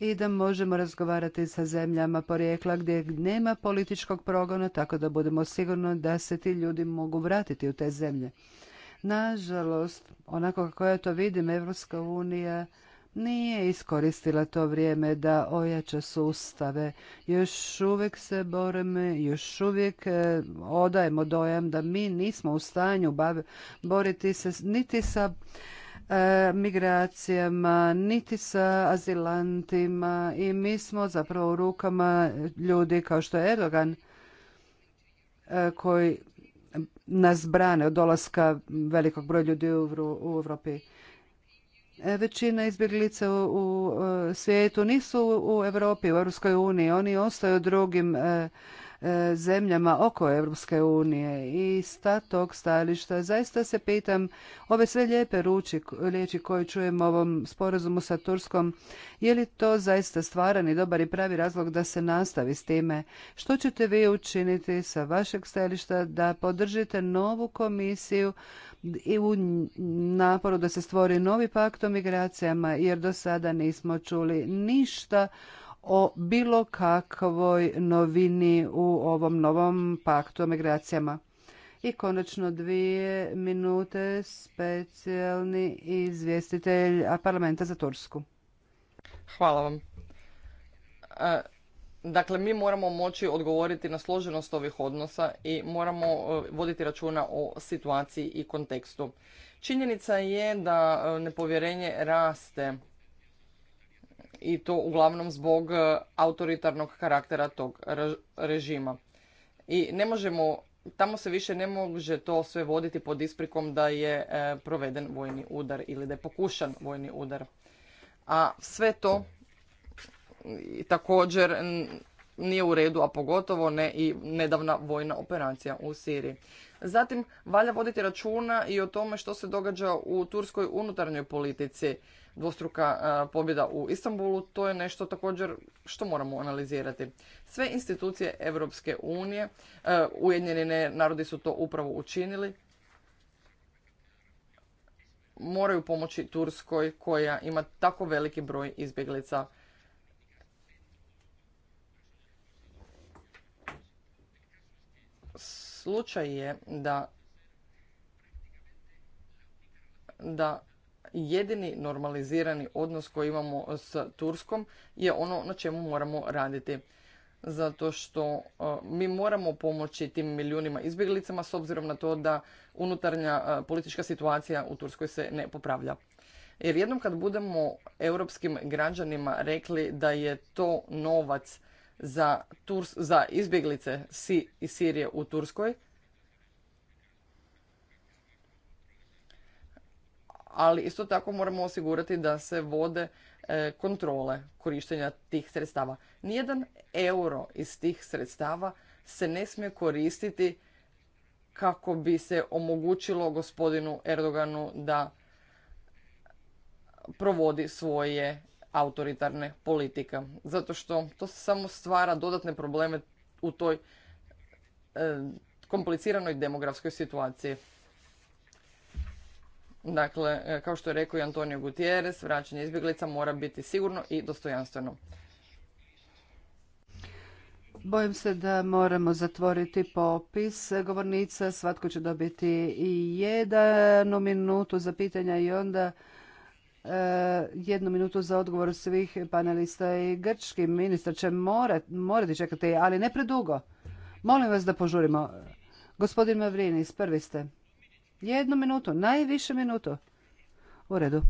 i da možemo razgovarati sa zemljama porijekla gdje nema političkog progona tako da budemo sigurni da se ti ljudi mogu vratiti u te zemlje. Nažalost, onako kako ja to vidim, Evropska unija nije iskoristila to vrijeme da ojača sustave. Još uvijek se boreme, još uvijek e, odajemo dojam da mi nismo u stanju boriti se niti sa E, migracijama, niti sa azilantima i mi smo zapravo u rukama ljudi kao što je Erdogan e, koji nas brane od dolaska velikog broja ljudi u Europi. E, većina izbjeglica u svijetu nisu u Europi, u Europskoj uniji. Oni ostaju drugim E, zemljama oko Europske unije. I sta tog stajališta zaista se pitam, ove sve lijepe ruči, riječi koje čujem ovom sporazumu sa Turskom, je li to zaista stvaran i dobar i pravi razlog da se nastavi s time? Što ćete vi učiniti sa vašeg stajališta da podržite novu komisiju i u naporu da se stvori novi pakt o migracijama, jer do sada nismo čuli ništa o bilo kakvoj novini u ovom novom paktu o migracijama. I konačno dvije minute specijalni izvjestitelj parlamenta za Tursku. Hvala vam. E, dakle, mi moramo moći odgovoriti na složenost ovih odnosa i moramo e, voditi računa o situaciji i kontekstu. Činjenica je da e, nepovjerenje raste i to uglavnom zbog e, autoritarnog karaktera tog režima. I ne možemo, tamo se više ne može to sve voditi pod isprikom da je e, proveden vojni udar ili da je pokušan vojni udar. A sve to također nije u redu, a pogotovo ne i nedavna vojna operacija u Siriji. Zatim, valja voditi računa i o tome što se događa u turskoj unutarnjoj politici dvostruka e, pobjeda u Istanbulu, to je nešto također što moramo analizirati. Sve institucije Europske unije, e, Ujedinjeni narodi su to upravo učinili, moraju pomoći Turskoj koja ima tako veliki broj izbjeglica. Slučaj je da da jedini normalizirani odnos koji imamo s Turskom je ono na čemu moramo raditi. Zato što e, mi moramo pomoći tim milijunima izbjeglicama s obzirom na to da unutarnja e, politička situacija u Turskoj se ne popravlja. Jer jednom kad budemo europskim građanima rekli da je to novac za, Turs, za izbjeglice si, iz Sirije u Turskoj, ali isto tako moramo osigurati da se vode e, kontrole korištenja tih sredstava. Nijedan euro iz tih sredstava se ne smije koristiti kako bi se omogućilo gospodinu Erdoganu da provodi svoje autoritarne politike. Zato što to samo stvara dodatne probleme u toj e, kompliciranoj demografskoj situaciji. Dakle, e, kao što je rekao i Antonio Gutierrez, vraćanje izbjeglica mora biti sigurno i dostojanstveno. Bojim se da moramo zatvoriti popis govornica. Svatko će dobiti i jednu minutu za pitanja i onda e, jednu minutu za odgovor svih panelista i grčki ministar će morati, morati čekati, ali ne predugo. Molim vas da požurimo. Gospodin Mavrinis, prvi ste. Jednu minutu, najviše minutu. U redu.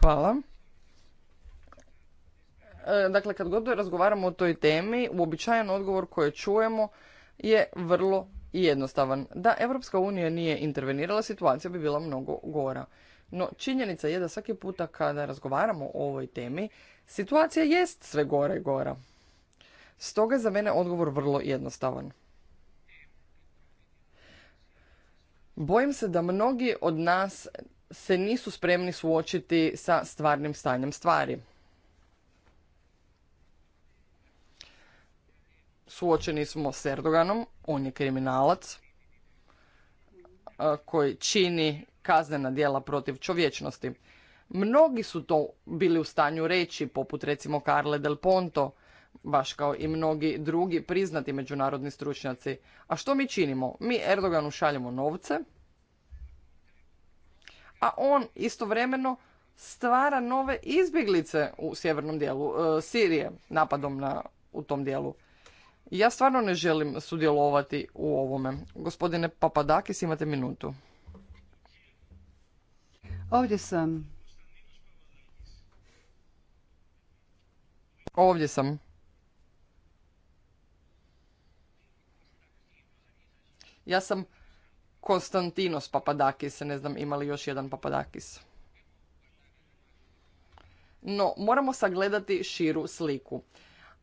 Hvala. E, dakle, kad god razgovaramo o toj temi, uobičajen odgovor koji čujemo je vrlo jednostavan. Da Evropska unija nije intervenirala, situacija bi bila mnogo gora. No, činjenica je da svaki puta kada razgovaramo o ovoj temi, situacija jest sve gore i gora. Stoga je za mene odgovor vrlo jednostavan. Bojim se da mnogi od nas se nisu spremni suočiti sa stvarnim stanjem stvari. Suočeni smo s Erdoganom, on je kriminalac koji čini kaznena djela protiv čovječnosti. Mnogi su to bili u stanju reći, poput recimo Carle Del Ponto, baš kao i mnogi drugi priznati međunarodni stručnjaci. A što mi činimo? Mi Erdoganu šaljemo novce, a on istovremeno stvara nove izbjeglice u sjevernom dijelu e, Sirije napadom na, u tom dijelu. Ja stvarno ne želim sudjelovati u ovome. Gospodine Papadakis, imate minutu. Ovdje sam. Ovdje sam. Ja sam Konstantinos Papadakis, ne znam ima li još jedan Papadakis. No, moramo sagledati širu sliku.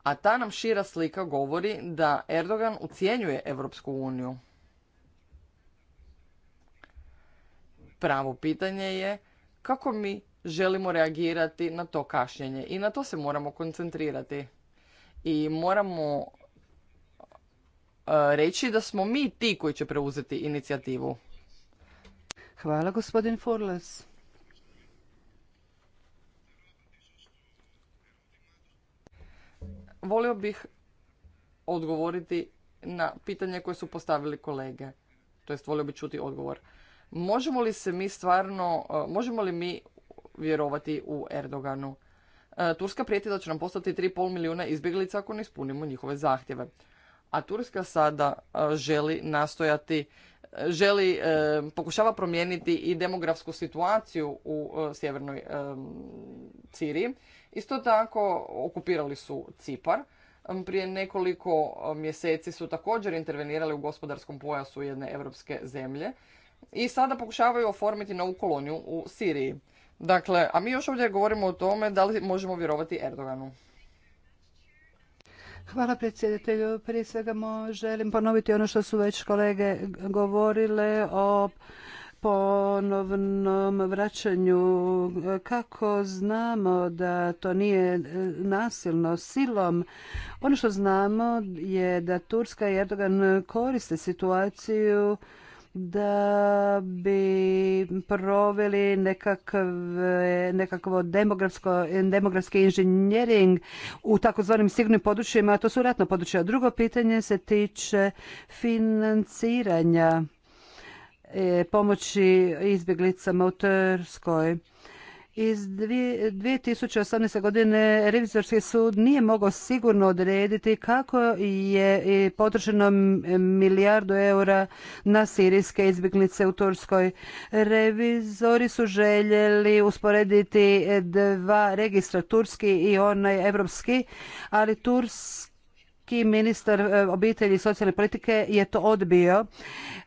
A ta nam šira slika govori da Erdogan ucijenjuje Europsku uniju. Pravo pitanje je kako mi želimo reagirati na to kašnjenje i na to se moramo koncentrirati. I moramo E, reći da smo mi ti koji će preuzeti inicijativu. Hvala gospodin Forles. Volio bih odgovoriti na pitanje koje su postavili kolege. To jest volio bih čuti odgovor. Možemo li se mi stvarno, e, možemo li mi vjerovati u Erdoganu? E, Turska prijeti da će nam postati 3,5 milijuna izbjeglica ako ne ispunimo njihove zahtjeve a Turska sada želi nastojati, želi, e, pokušava promijeniti i demografsku situaciju u e, sjevernoj e, Siriji. Isto tako okupirali su Cipar. Prije nekoliko mjeseci su također intervenirali u gospodarskom pojasu jedne europske zemlje i sada pokušavaju oformiti novu koloniju u Siriji. Dakle, a mi još ovdje govorimo o tome da li možemo vjerovati Erdoganu. Hvala predsjedatelju. Prije svega želim ponoviti ono što su već kolege govorile o ponovnom vraćanju. Kako znamo da to nije nasilno silom? Ono što znamo je da Turska i Erdogan koriste situaciju da bi proveli nekakv, nekakvo demografsko, demografski inženjering u takozvanim sigurnim područjima, a to su ratna područja. Drugo pitanje se tiče financiranja e, pomoći izbjeglicama u Trskoj. Iz 2018. godine revizorski sud nije mogao sigurno odrediti kako je e, potrošeno milijardu eura na sirijske izbjeglice u Turskoj. Revizori su željeli usporediti e, dva registra, turski i onaj evropski, ali turski ministar e, obitelji i socijalne politike je to odbio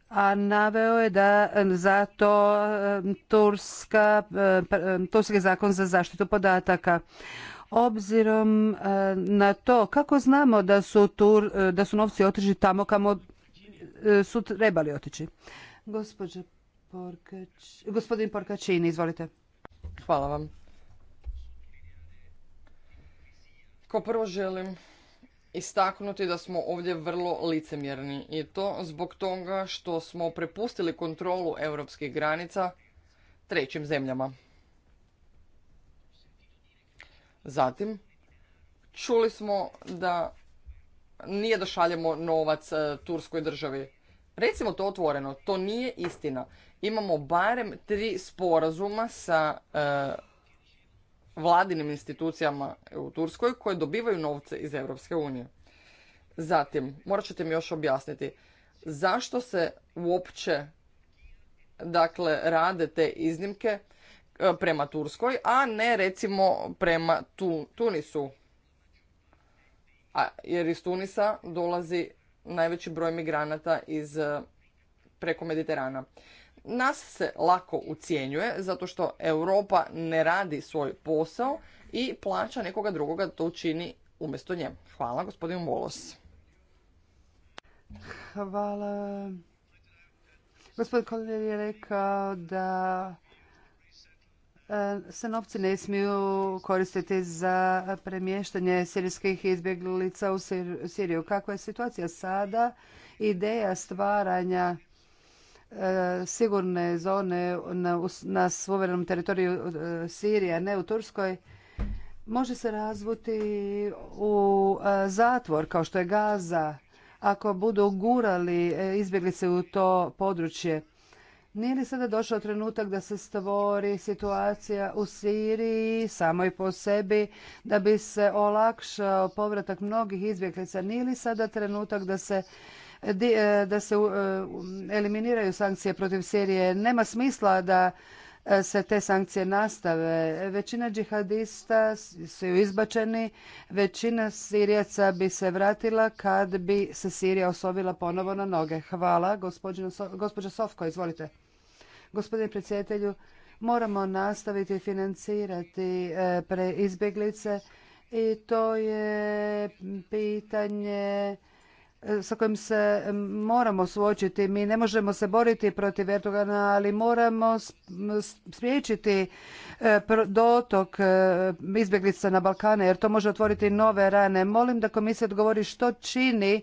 a naveo je da zato Turska, Turski zakon za zaštitu podataka. Obzirom na to kako znamo da su, tur, da su novci otišli tamo kamo su trebali otići. Gospodin, Porkač, gospodin Porkačini, izvolite. Hvala vam. Ko prvo želim istaknuti da smo ovdje vrlo licemjerni i to zbog toga što smo prepustili kontrolu europskih granica trećim zemljama. Zatim, čuli smo da nije da šaljemo novac e, Turskoj državi. Recimo to otvoreno, to nije istina. Imamo barem tri sporazuma sa e, vladinim institucijama u Turskoj koje dobivaju novce iz Europske unije. Zatim, morat ćete mi još objasniti, zašto se uopće dakle, rade te iznimke e, prema Turskoj, a ne recimo prema Tunisu? A, jer iz Tunisa dolazi najveći broj migranata iz e, preko Mediterana. Nas se lako ucijenjuje zato što Europa ne radi svoj posao i plaća nekoga drugoga da to učini umjesto nje. Hvala, gospodin Volos. Hvala. Gospodin Kolder je rekao da e, se novci ne smiju koristiti za premještanje sirijskih izbjeglica u Siriju. Kakva je situacija sada? Ideja stvaranja sigurne zone na, suverenom teritoriju e, Sirije, ne u Turskoj, može se razvuti u e, zatvor kao što je Gaza ako budu gurali e, izbjeglice u to područje. Nije li sada došao trenutak da se stvori situacija u Siriji samoj po sebi da bi se olakšao povratak mnogih izbjeglica? Nije li sada trenutak da se E, da se e, eliminiraju sankcije protiv Sirije. Nema smisla da e, se te sankcije nastave. Većina džihadista su izbačeni, većina Sirijaca bi se vratila kad bi se Sirija osovila ponovo na noge. Hvala. Gospođa Sofko, izvolite. Gospodine predsjedatelju, moramo nastaviti financirati preizbjeglice i to je pitanje sa kojim se moramo suočiti. Mi ne možemo se boriti protiv Erdogana, ali moramo spriječiti e, dotok e, izbjeglica na Balkane, jer to može otvoriti nove rane. Molim da komisija odgovori što čini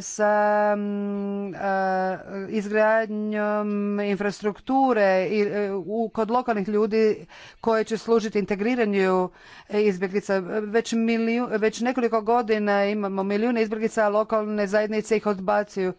sa mm, eh, izgradnjom infrastrukture eh, kod lokalnih ljudi koje će služiti integriranju izbjeglica. Već, nekoliko godina imamo milijune izbjeglica, a lokalne zajednice ih odbacuju.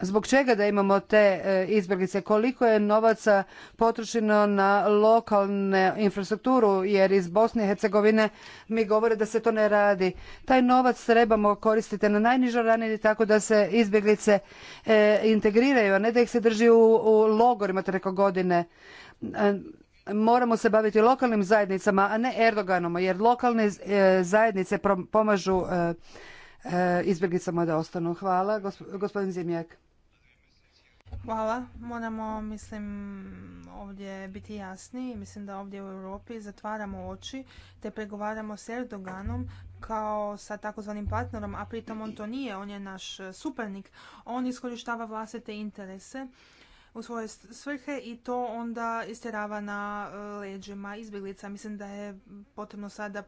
Zbog čega da imamo te eh, izbjeglice? Koliko je novaca potrošeno na lokalnu infrastrukturu? Jer iz Bosne i Hercegovine mi govore da se to ne radi. Taj novac trebamo koristiti na najnižoj rani tako da se izbjeglice e, integriraju, a ne da ih se drži u logorima preko godine. E, moramo se baviti lokalnim zajednicama, a ne Erdoganom, jer lokalne e, zajednice pomažu izbjeglicama da ostanu. Hvala. Gospodin Zimjak. Hvala. Moramo, mislim, ovdje biti jasni. Mislim da ovdje u Europi zatvaramo oči te pregovaramo s Erdoganom kao sa takozvanim partnerom, a pritom on to nije, on je naš supernik. On iskorištava vlastite interese u svoje svrhe i to onda istjerava na e, leđima izbjeglica. Mislim da je potrebno sada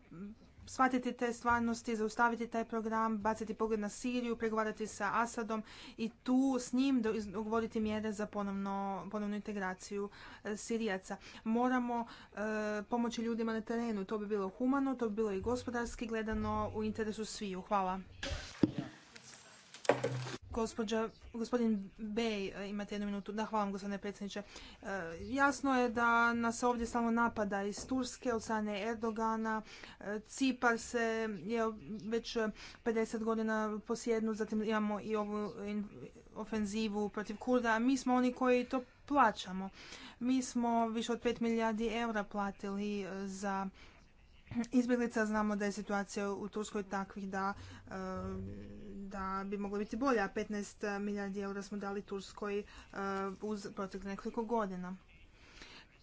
shvatiti te stvarnosti, zaustaviti taj program, baciti pogled na Siriju, pregovarati sa Asadom i tu s njim dogovoriti mjere za ponovno, ponovnu integraciju e, Sirijaca. Moramo e, pomoći ljudima na terenu. To bi bilo humano, to bi bilo i gospodarski gledano u interesu sviju. Hvala gospodin Bej, e, imate jednu minutu. Da, hvala vam, gospodine predsjedniče. E, jasno je da nas ovdje samo napada iz Turske, od strane Erdogana. E, Cipar se je već 50 godina posjednu, zatim imamo i ovu ofenzivu protiv Kurda, mi smo oni koji to plaćamo. Mi smo više od 5 milijardi eura platili za izbjeglica. Znamo da je situacija u Turskoj takvih da, e, da bi moglo biti bolja. 15 milijardi eura smo dali Turskoj e, uz protek nekoliko godina.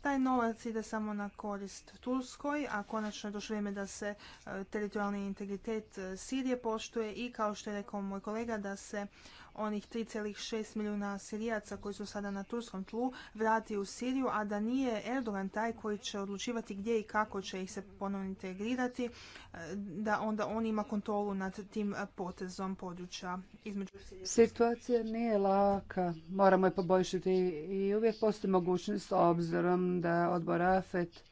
Taj novac ide samo na korist Turskoj, a konačno je došlo vrijeme da se e, teritorijalni integritet Sirije poštuje i kao što je rekao moj kolega da se onih 3,6 milijuna Sirijaca koji su sada na turskom tlu vrati u Siriju, a da nije Erdogan taj koji će odlučivati gdje i kako će ih se ponovno integrirati, e, da onda on ima kontrolu nad tim e, potezom područja između Sirije. Situacija nije laka, moramo je poboljšati i uvijek postoji mogućnost obzirom da odbor AFET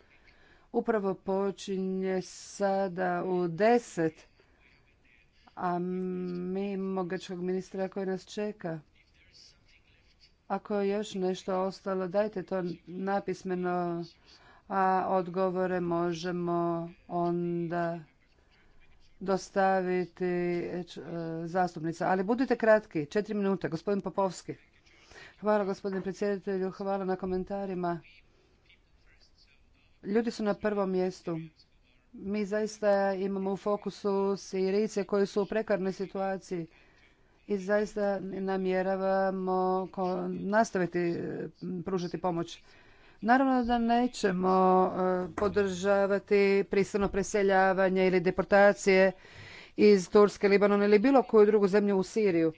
upravo počinje sada u deset a mi imamo grčkog ministra koji nas čeka. Ako je još nešto ostalo, dajte to napismeno, a odgovore možemo onda dostaviti e, e, zastupnica. Ali budite kratki, četiri minute, Gospodin Popovski. Hvala gospodine predsjedatelju, hvala na komentarima. Ljudi su na prvom mjestu. Mi zaista imamo u fokusu Sirice koji su u prekarnoj situaciji i zaista namjeravamo nastaviti e, pružiti pomoć. Naravno da nećemo e, podržavati prisilno preseljavanje ili deportacije iz Turske, Libanon ili bilo koju drugu zemlju u Siriju.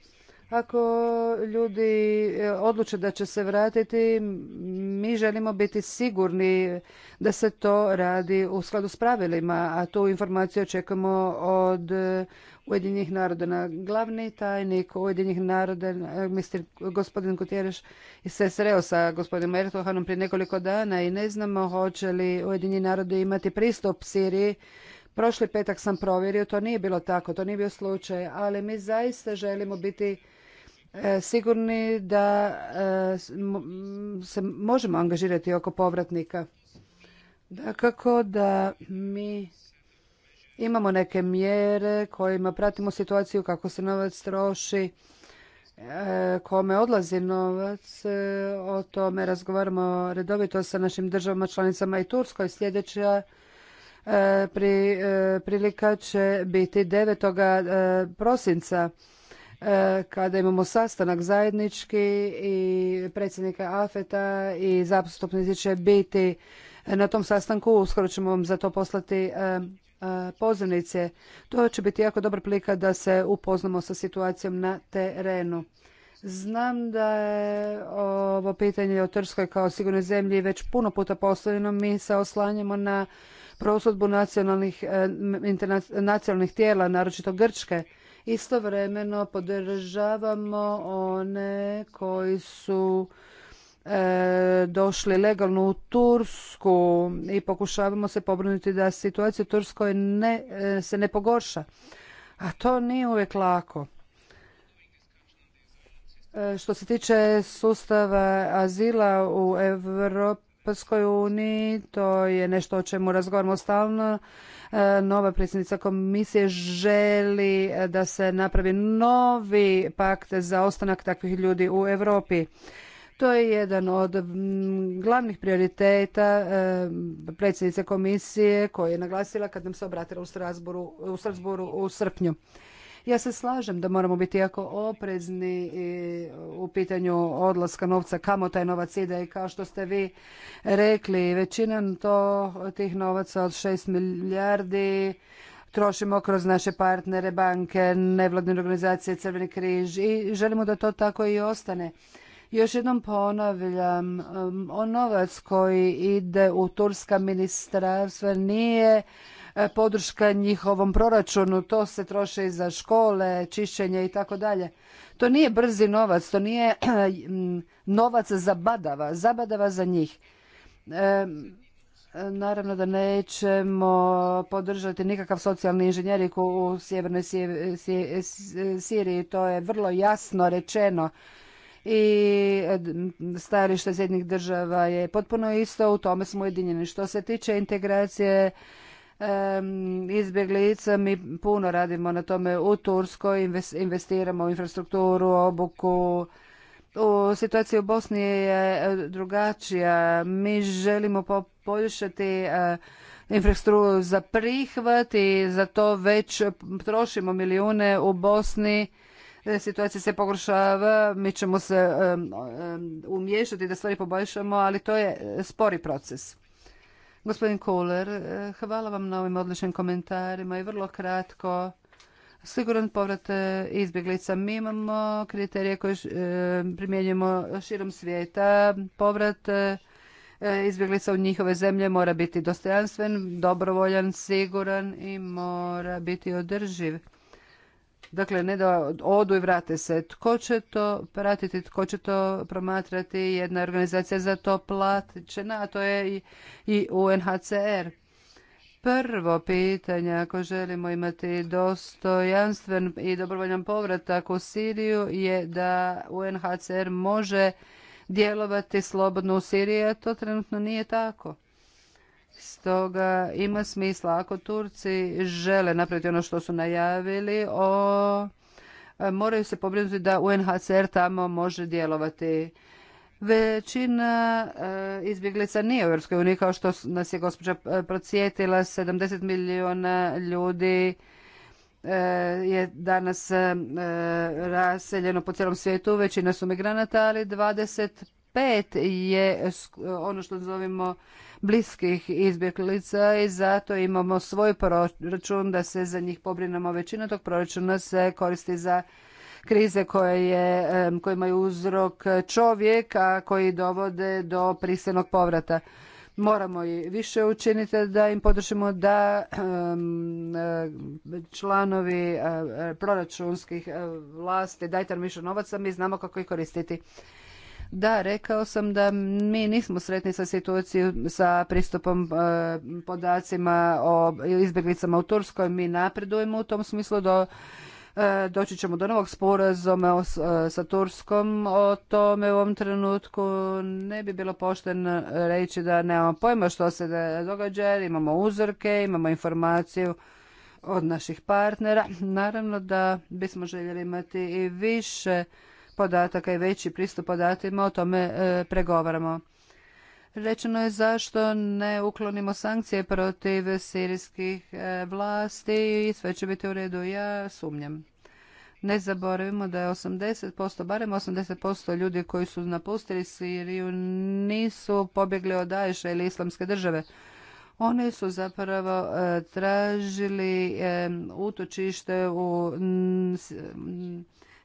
Ako ljudi e, odluče da će se vratiti, mi želimo biti sigurni da se to radi u skladu s pravilima, a tu informaciju očekujemo od e, Ujedinjenih naroda. na Glavni tajnik Ujedinjenih naroda, e, mister, gospodin Gutjereš, se sreo sa gospodinom Ertohanom prije nekoliko dana i ne znamo hoće li Ujedinjeni narodi imati pristup Siriji Prošli petak sam provjerio, to nije bilo tako, to nije bio slučaj, ali mi zaista želimo biti E, sigurni da e, se možemo angažirati oko povratnika. Dakako da mi imamo neke mjere kojima pratimo situaciju kako se novac troši, e, kome odlazi novac. O tome razgovaramo redovito sa našim državama, članicama i Turskoj. Sljedeća prilika će biti 9. prosinca E, kada imamo sastanak zajednički i predsjednika AFETA i zastupnici će biti na tom sastanku. Uskoro ćemo vam za to poslati e, e, pozivnice. To će biti jako dobra prilika da se upoznamo sa situacijom na terenu. Znam da je ovo pitanje o Trskoj kao sigurnoj zemlji već puno puta postavljeno. Mi se oslanjamo na prosudbu nacionalnih, nacionalnih tijela, naročito Grčke Istovremeno podržavamo one koji su e, došli legalno u Tursku i pokušavamo se pobrinuti da situacija u Turskoj ne, e, se ne pogorša. A to nije uvijek lako. E, što se tiče sustava azila u Europi, Europskoj uniji. To je nešto o čemu razgovaramo stalno. E, nova predsjednica komisije želi e, da se napravi novi pakt za ostanak takvih ljudi u Europi. To je jedan od glavnih prioriteta e, predsjednice komisije koji je naglasila kad nam se obratila u Strasburu u, Strasburu u srpnju. Ja se slažem da moramo biti jako oprezni e, u pitanju odlaska novca, kamo taj novac ide i kao što ste vi rekli, većina to, tih novaca od 6 milijardi trošimo kroz naše partnere, banke, nevladine organizacije, Crveni križ i želimo da to tako i ostane. Još jednom ponavljam, e, on novac koji ide u turska ministarstva nije E, podrška njihovom proračunu, to se troše i za škole, čišćenje i tako dalje. To nije brzi novac, to nije novac zabadava, zabadava za njih. E, naravno da nećemo podržati nikakav socijalni inženjerik u sjevernoj Siriji, to je vrlo jasno rečeno i stajalište sjedinjenih država je potpuno isto, u tome smo ujedinjeni. Što se tiče integracije izbjeglica. Mi puno radimo na tome u Turskoj, investiramo u infrastrukturu, obuku. U situaciji u Bosni je e, drugačija. Mi želimo poboljšati e, infrastrukturu za prihvat i za to već trošimo milijune u Bosni e, situacija se pogoršava, mi ćemo se umiješati da stvari poboljšamo, ali to je spori proces. Gospodin Kohler, e, hvala vam na ovim odličnim komentarima i vrlo kratko siguran povrat e, izbjeglica. Mi imamo kriterije koje e, primjenjujemo širom svijeta. Povrat izbjeglica u njihove zemlje mora biti dostojanstven, dobrovoljan, siguran i mora biti održiv. Dakle, ne da odu i vrate se. Tko će to pratiti, tko će to promatrati? Jedna organizacija za to će, a to je i UNHCR. Prvo pitanje, ako želimo imati dostojanstven i dobrovoljan povratak u Siriju, je da UNHCR može djelovati slobodno u Siriji, a to trenutno nije tako. Stoga ima smisla ako Turci žele napraviti ono što su najavili, o, e, moraju se pobrinuti da UNHCR tamo može djelovati. Većina e, izbjeglica nije u EU, kao što nas je gospođa e, procijetila, 70 milijuna ljudi je danas raseljeno po cijelom svijetu, većina su migranata, ali pet je ono što zovemo bliskih izbjeglica i zato imamo svoj proračun da se za njih pobrinemo. Većina tog proračuna se koristi za krize koje je, kojima je uzrok čovjeka koji dovode do prisilnog povrata. Moramo i više učiniti da im podržimo da članovi proračunskih vlasti dajte nam više novaca, mi znamo kako ih koristiti. Da, rekao sam da mi nismo sretni sa situacijom sa pristupom e, podacima o izbjeglicama u Turskoj. Mi napredujemo u tom smislu do e, doći ćemo do novog sporazuma e, sa Turskom o tome u ovom trenutku ne bi bilo pošteno reći da nemamo pojma što se događa, imamo uzorke, imamo informaciju od naših partnera. Naravno da bismo željeli imati i više podataka i veći pristup podatima, o tome e, pregovaramo. Rečeno je zašto ne uklonimo sankcije protiv sirijskih e, vlasti i sve će biti u redu. Ja sumnjam. Ne zaboravimo da je 80%, barem 80% ljudi koji su napustili Siriju nisu pobjegli od Daesha ili islamske države. Oni su zapravo e, tražili utočište u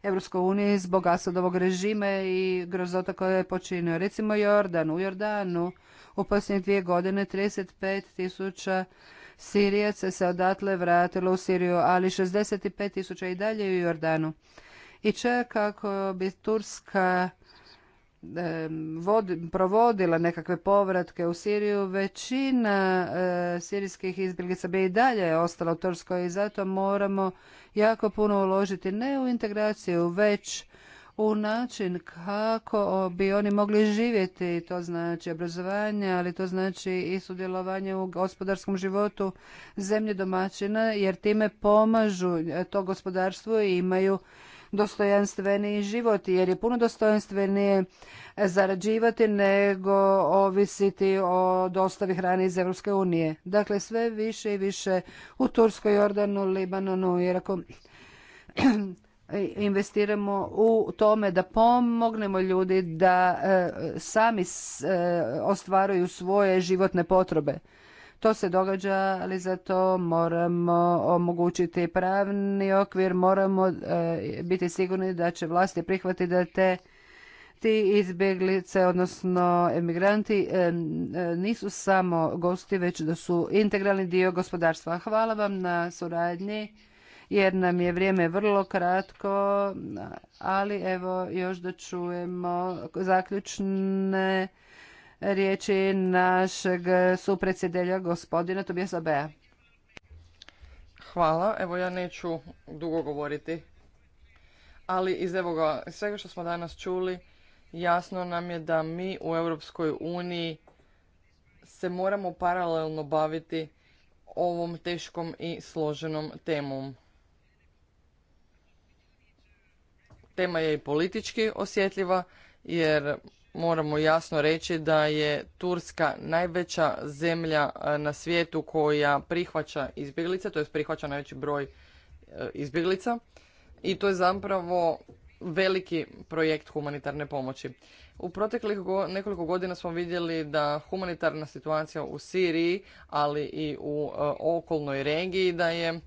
Europskoj uniji zbog Asadovog režima i grozota koje je počinio. Recimo Jordan, u Jordanu u posljednje dvije godine 35 tisuća Sirijaca se odatle vratilo u Siriju, ali 65 tisuća i dalje u Jordanu. I čak kako bi Turska provodila nekakve povratke u Siriju, većina e, sirijskih izbjeglica bi i dalje ostala u Turskoj i zato moramo jako puno uložiti ne u integraciju, već u način kako bi oni mogli živjeti, to znači obrazovanje, ali to znači i sudjelovanje u gospodarskom životu zemlje domaćina, jer time pomažu to gospodarstvo i imaju dostojanstveniji život jer je puno dostojanstvenije zarađivati nego ovisiti o dostavi hrane iz Europske unije. Dakle, sve više i više u Turskoj, Jordanu, Libanonu, Iraku investiramo u tome da pomognemo ljudi da e, sami e, ostvaruju svoje životne potrebe. To se događa, ali za to moramo omogućiti pravni okvir, moramo e, biti sigurni da će vlasti prihvatiti da te ti izbjeglice, odnosno emigranti, e, e, nisu samo gosti, već da su integralni dio gospodarstva. Hvala vam na suradnji, jer nam je vrijeme vrlo kratko, ali evo još da čujemo zaključne riječi našeg supredsjedelja gospodina Tobijasa Bea. Hvala. Evo ja neću dugo govoriti, ali iz evoga, svega što smo danas čuli, jasno nam je da mi u Europskoj uniji se moramo paralelno baviti ovom teškom i složenom temom. Tema je i politički osjetljiva jer moramo jasno reći da je Turska najveća zemlja e, na svijetu koja prihvaća izbjeglice, to je prihvaća najveći broj e, izbjeglica i to je zapravo veliki projekt humanitarne pomoći. U proteklih nekoliko godina smo vidjeli da humanitarna situacija u Siriji, ali i u e, okolnoj regiji, da je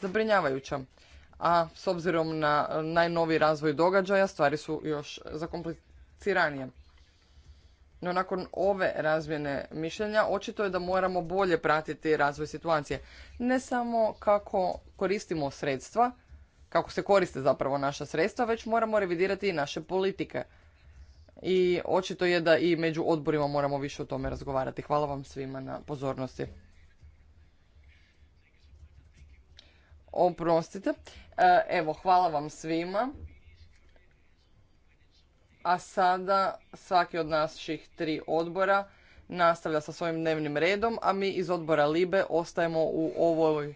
zabrinjavajuća. A s obzirom na najnoviji razvoj događaja, stvari su još zakompliciranije. No nakon ove razmjene mišljenja očito je da moramo bolje pratiti razvoj situacije. Ne samo kako koristimo sredstva, kako se koriste zapravo naša sredstva, već moramo revidirati i naše politike. I očito je da i među odborima moramo više o tome razgovarati. Hvala vam svima na pozornosti. Oprostite. E, evo, hvala vam svima a sada svaki od naših tri odbora nastavlja sa svojim dnevnim redom, a mi iz odbora Libe ostajemo u ovoj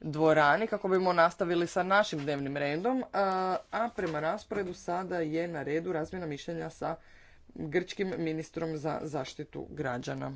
dvorani kako bimo nastavili sa našim dnevnim redom, a prema rasporedu sada je na redu razmjena mišljenja sa grčkim ministrom za zaštitu građana.